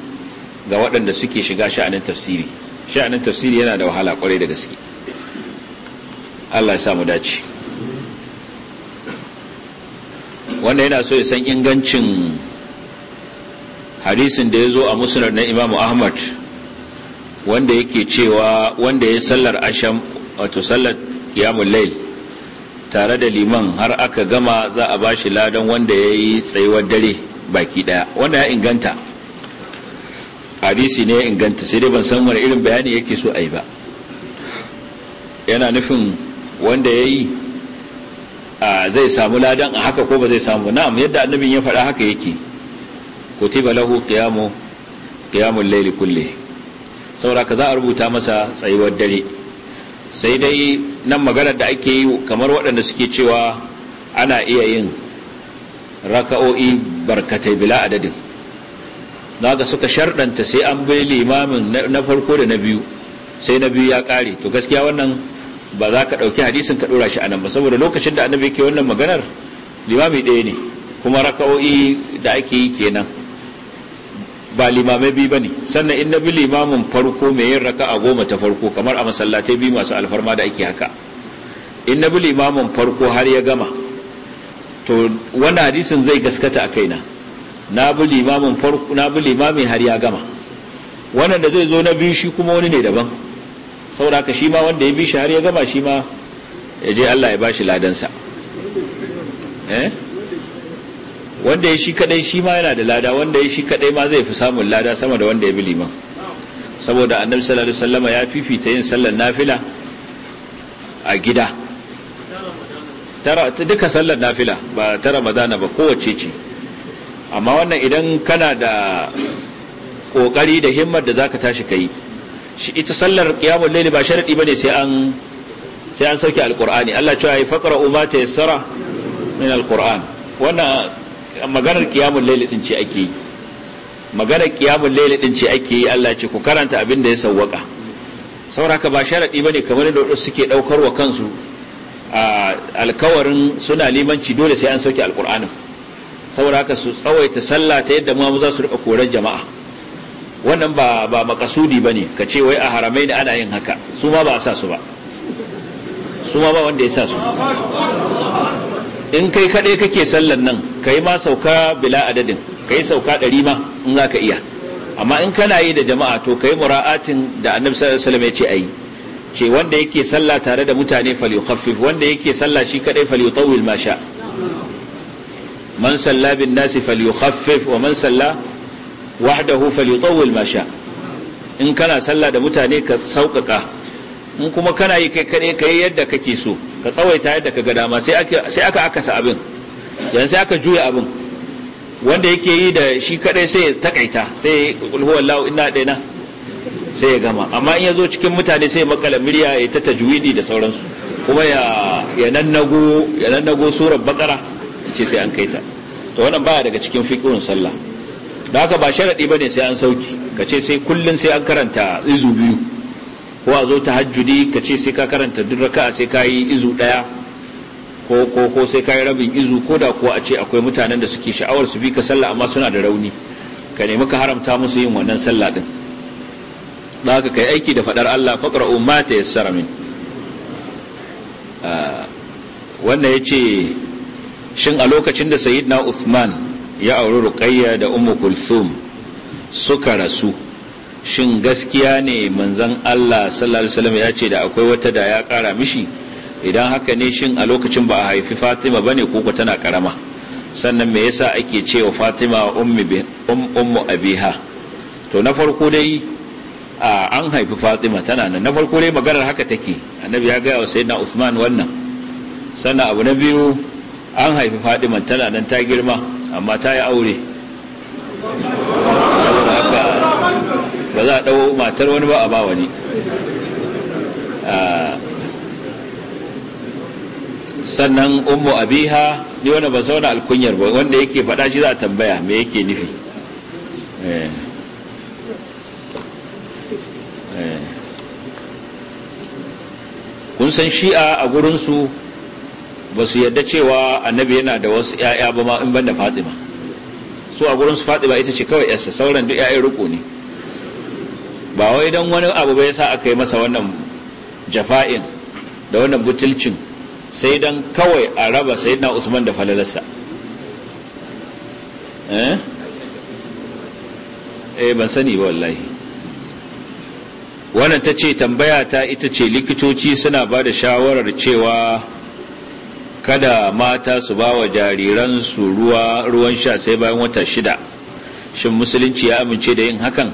Speaker 1: ga waɗanda suke shiga sha'anin tafsiri sha'anin tafsiri yana da wahala ƙwarai da gaske Allah ya samu dace wanda yana so ya san ingancin hadisin da ya zo a musulun na imamu ahmad wanda yake cewa wanda ya sallar asham wato sallar yamul layl tare da liman har aka gama za a ba shi ladan wanda ya yi tsayuwar dare baki daya wanda ya inganta hadisi ne ya inganta sai dai ban san wani irin bayani yake so a yi ba yana nufin wanda ya yi zai samu ladan a haka ko ba zai samu na'am yadda annabin ya faɗa haka yake kutiba lahu qiyamu qiyamul layli kulli saboda ka za a rubuta masa tsayuwar dare sai dai nan maganar da ake yi kamar waɗanda suke cewa ana iya yin raka'o'i barkatai bila adadin ga suka sharɗanta sai an bai limamin na farko da na biyu sai na biyu ya ƙare to gaskiya wannan ba za ka ɗauki hadisin ka ɗora shi a nan ba saboda lokacin da annabi ke wannan maganar limami ɗaya ne kuma raka'o'i da ake yi kenan ba limamai biyu bane sannan in na bi limamin farko mai yin raka a goma ta farko kamar a masallatai biyu masu alfarma da ake haka in na bi limamin farko har ya gama to wani hadisin zai gaskata a kaina na bi limamin farko na bi limamin har ya gama wannan da zai zo na biyu shi kuma wani ne daban saboda haka shi ma wanda ya bi shi har ya gama shi ma ya je Allah ya ba shi ladansa eh wanda ya shi kadai shi ma yana da lada wanda ya shi kadai ma zai fi samun lada sama da wanda ya bi liman saboda annabi sallallahu alaihi wasallam ya fifita yin sallar nafila a gida tara duka sallar nafila ba ta ramadana ba kowace ce amma wannan idan kana da kokari da himmar da zaka tashi kai shi ita sallar qiyamul layli ba sharadi bane sai an sai an sauke alqur'ani Allah cewa ya faqra umma tayassara min alqur'an wannan maganar kiyamun laili din ce ake yi maganar kiyamun laili din ce ake yi Allah ce ku karanta abin da ya sawwaka sauraka ba sharadi bane kamar da suke ɗaukar wa kansu a alkawarin suna limanci dole sai an sauke alqur'anin sauraka su tsawaita sallah ta yadda mu za su rika koran jama'a wannan ba ba makasudi bane ka ce wai a haramai ne ana yin haka su ma ba a sa su ba su ma ba wanda ya sa su in kai kaɗai kake sallan nan ka yi ma sauka bila adadin ka yi sauka ɗari ma in za ka iya amma in kana yi da jama'a to ka yi mura'atin da annabi sallallahu alaihi wasallam ya ce a yi ce wanda yake sallah tare da mutane fal yukhaffif wanda yake sallah shi kaɗai fal yutawwil ma sha man salla bin nasi fal yukhaffif wa man salla wahdahu fal yutawwil ma sha in kana sallah da mutane ka sauƙaƙa in kuma kana yi kai kaɗai ka yi yadda kake so ka tsawaita yadda ka ga dama sai aka akasa abin yanzu sai aka juya abin wanda yake yi da shi kadai sai ya takaita sai kulhuwan lau ina daina sai ya gama amma in ya zo cikin mutane sai makala murya ya ta tajwidi da sauransu kuma ya ya nannago surar bakara ce sai an kai ta to wannan baya daga cikin fiqhun sallah da haka ba ba ne sai an sauki ce sai kullum sai an karanta izu biyu ko a zo ta hajjudi ka ce sai ka karanta duk raka'a sai ka yi izu daya ko sai ka yi rabin izu ko da kuwa a ce akwai mutanen da suke sha'awar su bi ka sallah amma suna da rauni ka nemi ka haramta musu yin wannan sallah din da haka kai aiki da faɗar Allah faqra'u ma tayassara min ah, wannan yace shin a lokacin da sayyidina Uthman ya auri rukayya da Ummu Kulthum suka rasu shin gaskiya ne manzan Allah sallallahu alaihi wasallam ya ce da akwai wata da ya kara mishi idan haka ne shin a lokacin ba a haifi Fatima bane ko tana karama sannan me yasa ake cewa Fatima ummi um, ummu abiha to na farko dai an haifi Fatima tana nan na farko dai maganar haka take annabi ya ga wa sayyidina Usman wannan sannan abu na biyu an haifi Fatima tana nan ta girma amma ta yi aure ba za a ɗau matar wani ba a ba wani ah. sannan ummu abiha ni wani ba zauna alkunyar ba wanda yake faɗa shi za a tambaya me yake nufi eh. Eh. kun san shi'a a gurinsu ba su yadda cewa annabi yana da wasu 'ya'ya ba ma in ban da fatima su a gurinsu fatima ita ce kawai 'yarsa sauran duk 'ya'ya ruku ne ba wai don wani abu bai sa aka yi masa wannan jafa'in da wannan butulcin sai don kawai a raba na usman da falalarsa eh? eh ban sani ba wallahi wannan ta ce tambaya ta ita ce likitoci suna ba da shawarar cewa kada mata su ba wa jariransu ruwa ruwan sha sai bayan wata shida shin musulunci ya amince da yin hakan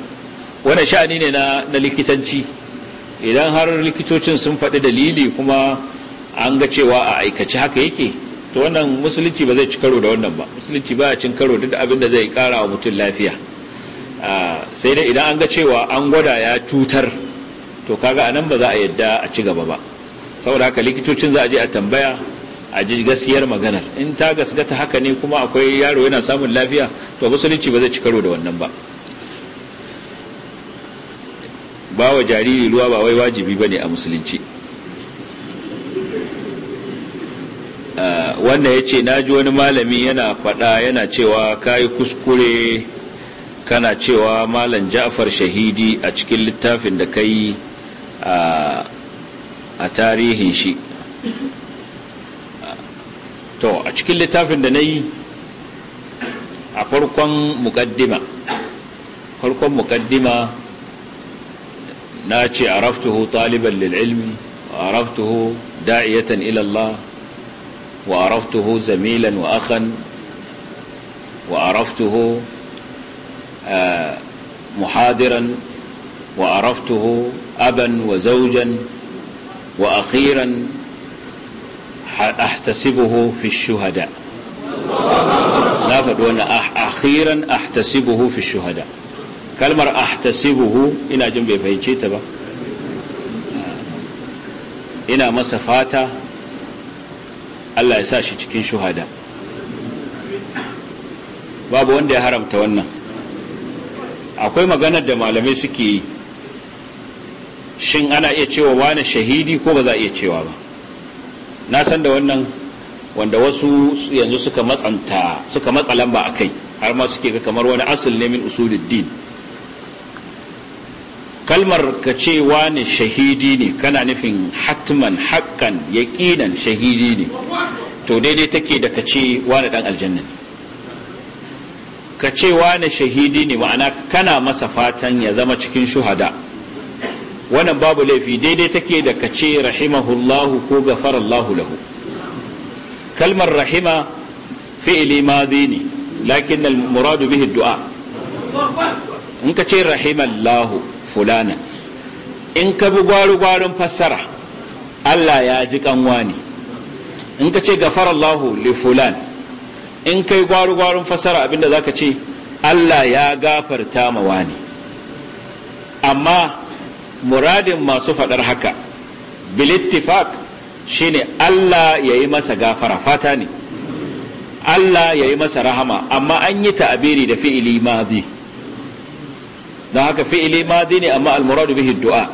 Speaker 1: wani sha'ani ne na likitanci idan har likitocin sun faɗi dalili kuma an ga cewa a aikace haka yake to wannan musulunci ba zai ci karo da wannan ba musulunci ba cin karo duk abin da zai kara wa mutum lafiya sai dai idan an ga cewa an gwada ya cutar to kaga a nan ba za a yadda a ci gaba ba saboda haka likitocin za a je a tambaya a ji gaskiyar maganar in ta gasgata haka ne kuma akwai yaro yana samun lafiya to musulunci ba zai ci karo da wannan ba ba wa jariri ruwa ba wai wajibi ba ne a musulunci ah, wanda ya ce na ji wani malami yana faɗa yana cewa ka yi kuskure kana cewa malam ja'far shahidi a cikin littafin da ka yi ah, a tarihin shi to a cikin littafin da na yi a farkon mukaddima farkon mukaddima ناتي عرفته طالبا للعلم وعرفته داعية إلى الله وعرفته زميلا وأخا وعرفته آه، محاضرا وعرفته أبا وزوجا وأخيرا أحتسبه في الشهداء لا فدونا أخيرا أحتسبه في الشهداء kalmar ahtasibuhu ina jin bai fahimce ta ba ina masa fata Allah ya sa shi cikin shuhada babu wanda ya haramta wannan akwai maganar da malamai suke yi shin ana iya cewa wani shahidi ko ba za a iya cewa ba na san da wannan wanda wasu yanzu suka matsanta suka matsa lamba a kai har ma suke ga kamar wani asul ne min usuluddin din kalmar ka ce wani shahidi ne kana nufin hatman haƙƙan yaƙinan shahidi ne to daidai take da ka ce wani ɗan aljanna ne ka ce wani shahidi ne ma'ana kana masa fatan ya zama cikin shuhada wannan babu laifi daidai take da ka ce rahimahullahu ko gafarallahu lahu kalmar rahima fi'ili ma ne lakin al muradu bihi du'a in ka ce rahimallahu fulana in ka bi gwaru-gwarin fassara Allah ya ji kanwa ne in ka ce gafarallahu li fulan in kai gwaru-gwarin fassara abinda za ka ce Allah ya gafarta ma wani amma muradin masu faɗar haka bilittifak ne Allah ya yi masa gafara fata ne Allah ya yi masa rahama amma an yi ta'abiri da fi'ili mazi don haka fi'ili madi ne amma almuradu bihi du'a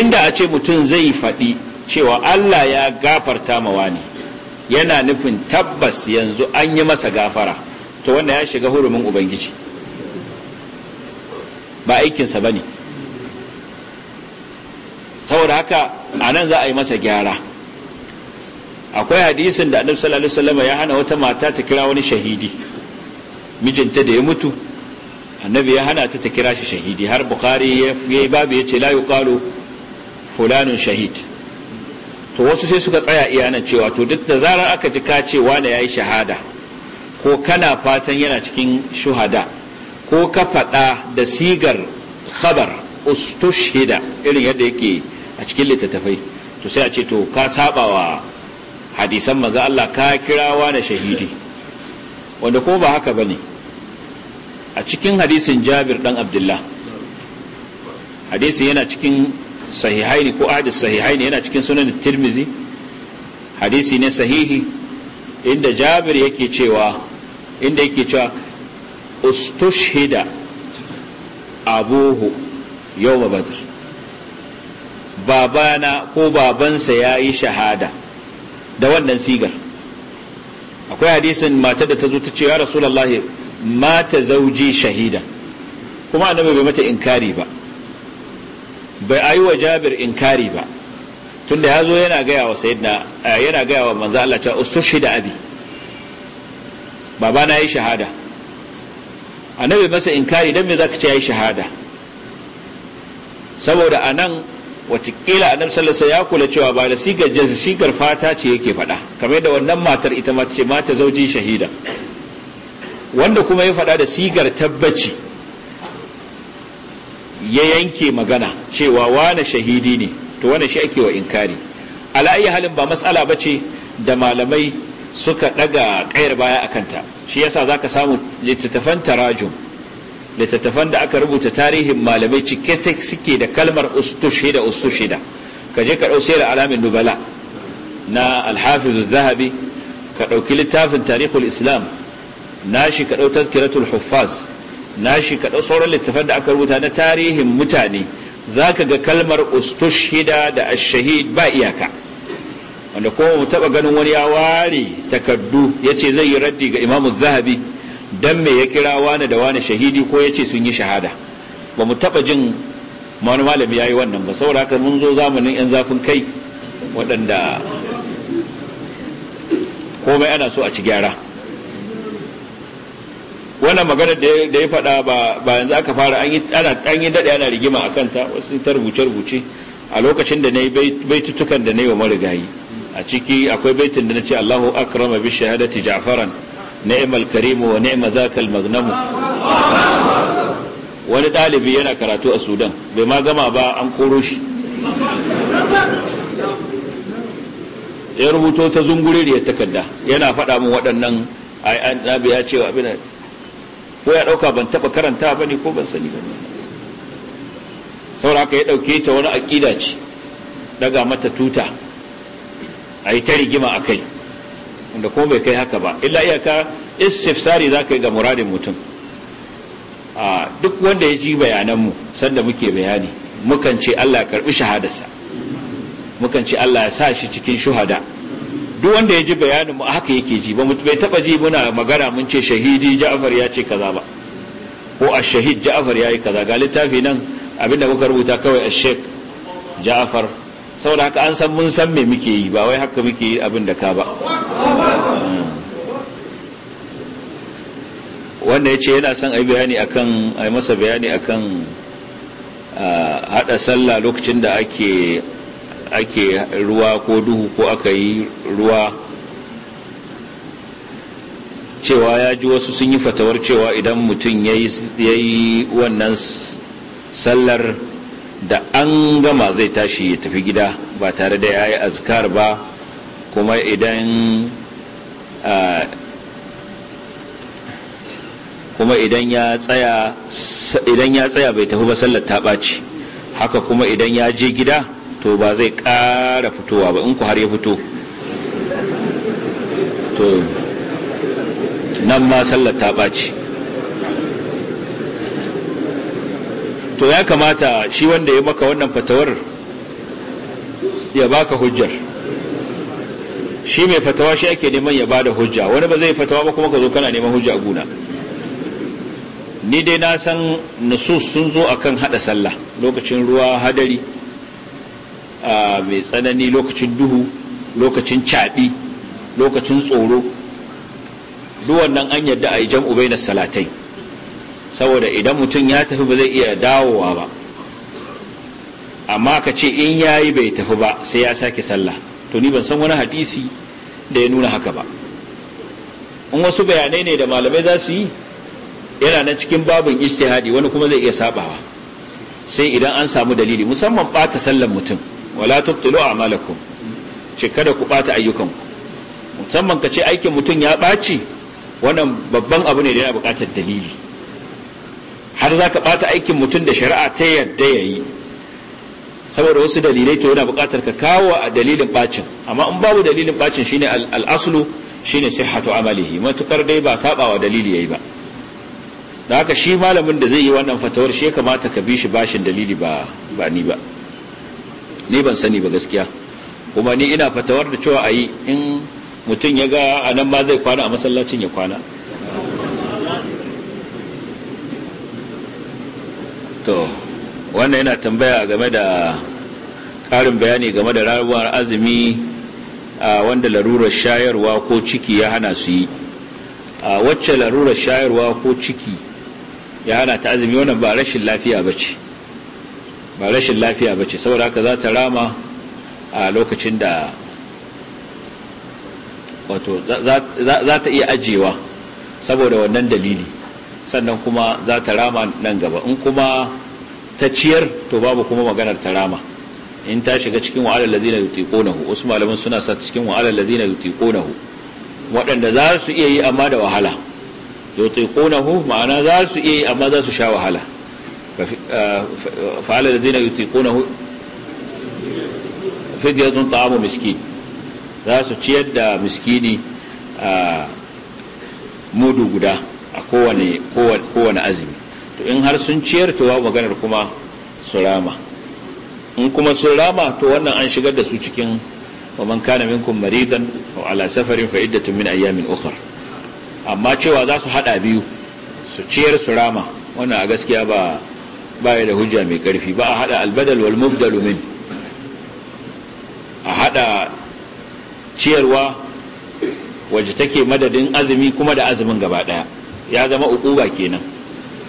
Speaker 1: inda a ce mutum zai faɗi cewa Allah ya gafarta ma wani yana nufin tabbas yanzu an yi masa gafara to wanda ya shiga hurumin ubangiji ba aikinsa ba ne saboda haka a nan za a yi masa gyara akwai hadisin da annabi sallallahu alaihi ya hana wata mata ta kira wani shahidi mijinta da ya mutu annabi ya hana ta ta kira shi shahidi har bukhari ya yi babu ya ce la yuqalu fulanun shahid to wasu sai suka tsaya iya nan cewa to duk da zarar aka ji ka ce wani yayi shahada ko kana fatan yana cikin shuhada ko ka faɗa da sigar khabar ustushida irin yadda yake a cikin littattafai to sai a ce to ka saba wa hadisan manzo Allah ka kira na shahidi wanda ko ba haka bane a cikin hadisin jabir dan abdullah hadisin yana cikin ne ko sahihai ne yana cikin sunan tirmizi hadisi ne sahihi inda jabir yake cewa inda yake cewa ustushhida abuhu yau badr babana ko babansa ya yi shahada da wannan sigar akwai hadisin matar da ta zo ta ce ya rasulullahi mata zauji shahida kuma annabi bai mata inkari ba bai ayi wa jabir inkari ba tunda ya zo yana gaya wa sayyidina eh, yana gaya wa manzo Allah cewa ustushida abi baba na yi shahada annabi masa inkari dan me zaka ce yayi shahada saboda anan watakila annabi sallallahu alaihi ya kula cewa ba da sigar jazz sigar fata ce yake faɗa kamar yadda wannan matar ita ma ce mata zauji shahida wanda kuma ya faɗa da sigar tabbaci ya yanke magana cewa wane shahidi ne to wane shi ake wa inkari ala'ayi halin ba matsala ba ce da malamai suka ɗaga ƙayar baya a kanta shi yasa za ka samu littattafan tarajum littattafan da aka rubuta tarihin malamai cike suke da kalmar ustushida ustushida ka je ka ɗau sayar alamin nubala na alhafiz zahabi ka ɗauki littafin tarihul islam nashi ka ɗau tazkiratul huffaz nashi ka ɗau sauran littafan da aka rubuta na tarihin mutane za ka ga kalmar ustushhida da ashahid ba iyaka wanda kuma mu taɓa ganin wani ya ware takardu ya ce zai yi raddi ga imamu zahabi dan me ya kira wani da wani shahidi ko ya ce sun yi shahada ba mu taɓa jin wani malami ya yi wannan ba saboda haka mun zo zamanin 'yan zafin kai waɗanda komai ana so a ci gyara wannan magana da ya faɗa ba yanzu aka fara an yi daɗe an ana rigima a kanta wasu ta rubuce rubuce a lokacin da na nayi baitutukan da na yi wa marigayi a ciki akwai baitin da na ce Allahu akrama bi shahadati Ja'faran ni'mal karimu wa ni'ma zakal magnamu wani ɗalibi yana karatu a Sudan bai ma gama ba an koro shi ya rubuto ta zunguriyar takarda yana faɗa min waɗannan ai an ya ce abin ko ya ɗauka ban taɓa karanta ba ne ko ban sani ba ne sauraka ya ɗauke ta wani aƙida ce daga mata tuta a yi ta rigima a kai wanda kuma bai kai haka ba illa iyaka istifsari za ka yi ga muradin mutum a duk wanda ya ji bayananmu sanda muke bayani mukan ce allah ya karɓi shahadarsa mukan ce allah ya sa shi cikin shuhada duk wanda ya ji bayanin mu haka yake ji ba bai taba ji muna magana mun ce shahidi Ja'far ya ce kaza ba ko ash-shahid Ja'far yayi kaza ga littafi nan abinda muka rubuta kawai ash-sheikh Ja'far saboda haka an san mun san me muke yi ba wai haka muke yi abinda ka ba wanda ya ce yana son ai bayani akan ai masa bayani akan ah, hada sallah lokacin da ake ake ruwa ko duhu ko aka yi ruwa cewa ya ji wasu sun yi fatawar cewa idan mutum ya yi wannan sallar da an gama zai tashi ya tafi gida ba tare da ya yi azkar ba kuma idan kuma idan ya tsaya bai tafi ba sallar ta ɓaci haka kuma idan ya je gida to ba zai ƙara fitowa ba in ku har ya fito to nan ma sallar ta ɓaci to ya kamata shi wanda ya maka wannan fatawar ya baka hujjar shi mai fatawa shi ake neman ya bada hujja wani ba zai fatawa ba kuma ka zo kana neman hujja a guna ni dai na san nasus sun zo akan hada sallah lokacin ruwa hadari mai tsanani lokacin duhu lokacin caɗi, lokacin tsoro duwannan an yadda a yi jam'u bai na salatai saboda idan mutum ya tafi ba zai iya dawowa ba amma ka ce in ya yi bai tafi ba sai ya sake sallah to ni ban san wani hadisi da ya nuna haka ba in wasu bayanai ne da malamai za su yi yana nan cikin babin ishtihadi wani kuma zai iya sabawa sai idan an samu dalili musamman ɓata sallan mutum wala tubtilu a'malakum ce kada ku bata ayyukanku musamman ka ce aikin mutum ya baci wannan babban abu ne da yana buƙatar dalili har za ka ɓata aikin mutum da shari'a ta yadda ya yi saboda wasu dalilai to yana buƙatar ka kawo a dalilin ɓacin amma in babu dalilin bacin shine al-aslu shine sihhatu amalihi matukar dai ba sabawa dalili yayi ba da haka shi malamin da zai yi wannan fatawar shi ya kamata ka bi shi bashin dalili ba ba ni ba ni ban sani ba gaskiya kuma ni ina fatawar da cewa a in mutum ya ga a nan ma zai kwana a masallacin ya kwana to wannan yana tambaya game da ƙarin bayani game da rabuwar azumi a wanda larurar shayarwa ko ciki ya hana su yi a wacce larurar shayarwa ko ciki ya hana ta azumi wannan ba rashin lafiya ba ba rashin lafiya ba ce saboda haka za ta rama a lokacin da wato za ta iya ajiyewa saboda wannan dalili sannan kuma za ta rama nan gaba in kuma ta ciyar to babu kuma maganar ta rama in ta shiga cikin wa'alar lazina yutiqunahu wasu malaman suna sa cikin wa'alar lazina yutiqunahu waɗanda za su iya yi amma da wahala nahu ma'ana za su iya yi amma za su sha wahala Ah, fa'ala da zina yutiquna fidyatun ta'amu za su ciyar da miskini a ah, mudu guda a kowane kowane azumi to in har sun ciyar to babu maganar kuma surama. in kuma surama rama to wannan an shigar da su cikin waman man kana minkum maridan ala safarin fa min ayyamin ukhra amma cewa za su hada biyu su ciyar su rama wannan a gaskiya ba ba da hujja mai ƙarfi ba a hada albadal wal mubdalu min a hada ciyarwa wacce take madadin azumi kuma da azumin gaba daya ya zama uquba kenan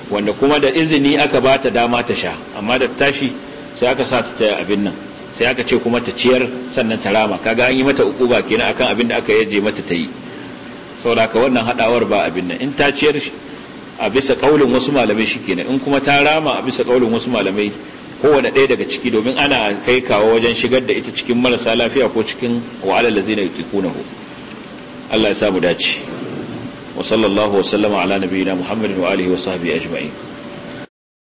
Speaker 1: wanda kuma da izini aka ba ta dama ta sha amma da tashi sai aka sa ta abin nan sai aka ce kuma ta ciyar sannan ta rama kaga an yi mata uquba kenan akan abin da aka yaje mata ta yi saboda ka wannan haɗawar ba abin nan in ta ciyar a bisa kaulin wasu malamai shikenan in kuma ta rama a bisa kaulin wasu malamai kowane ɗaya daga ciki domin ana kai kawo wajen shigar da ita cikin marasa lafiya ko cikin wa'alar da zina hu Allah ya samu dace wa sallallahu wa sallama ala nabiyina Muhammadin wa alihi wa sahbihi ajma'in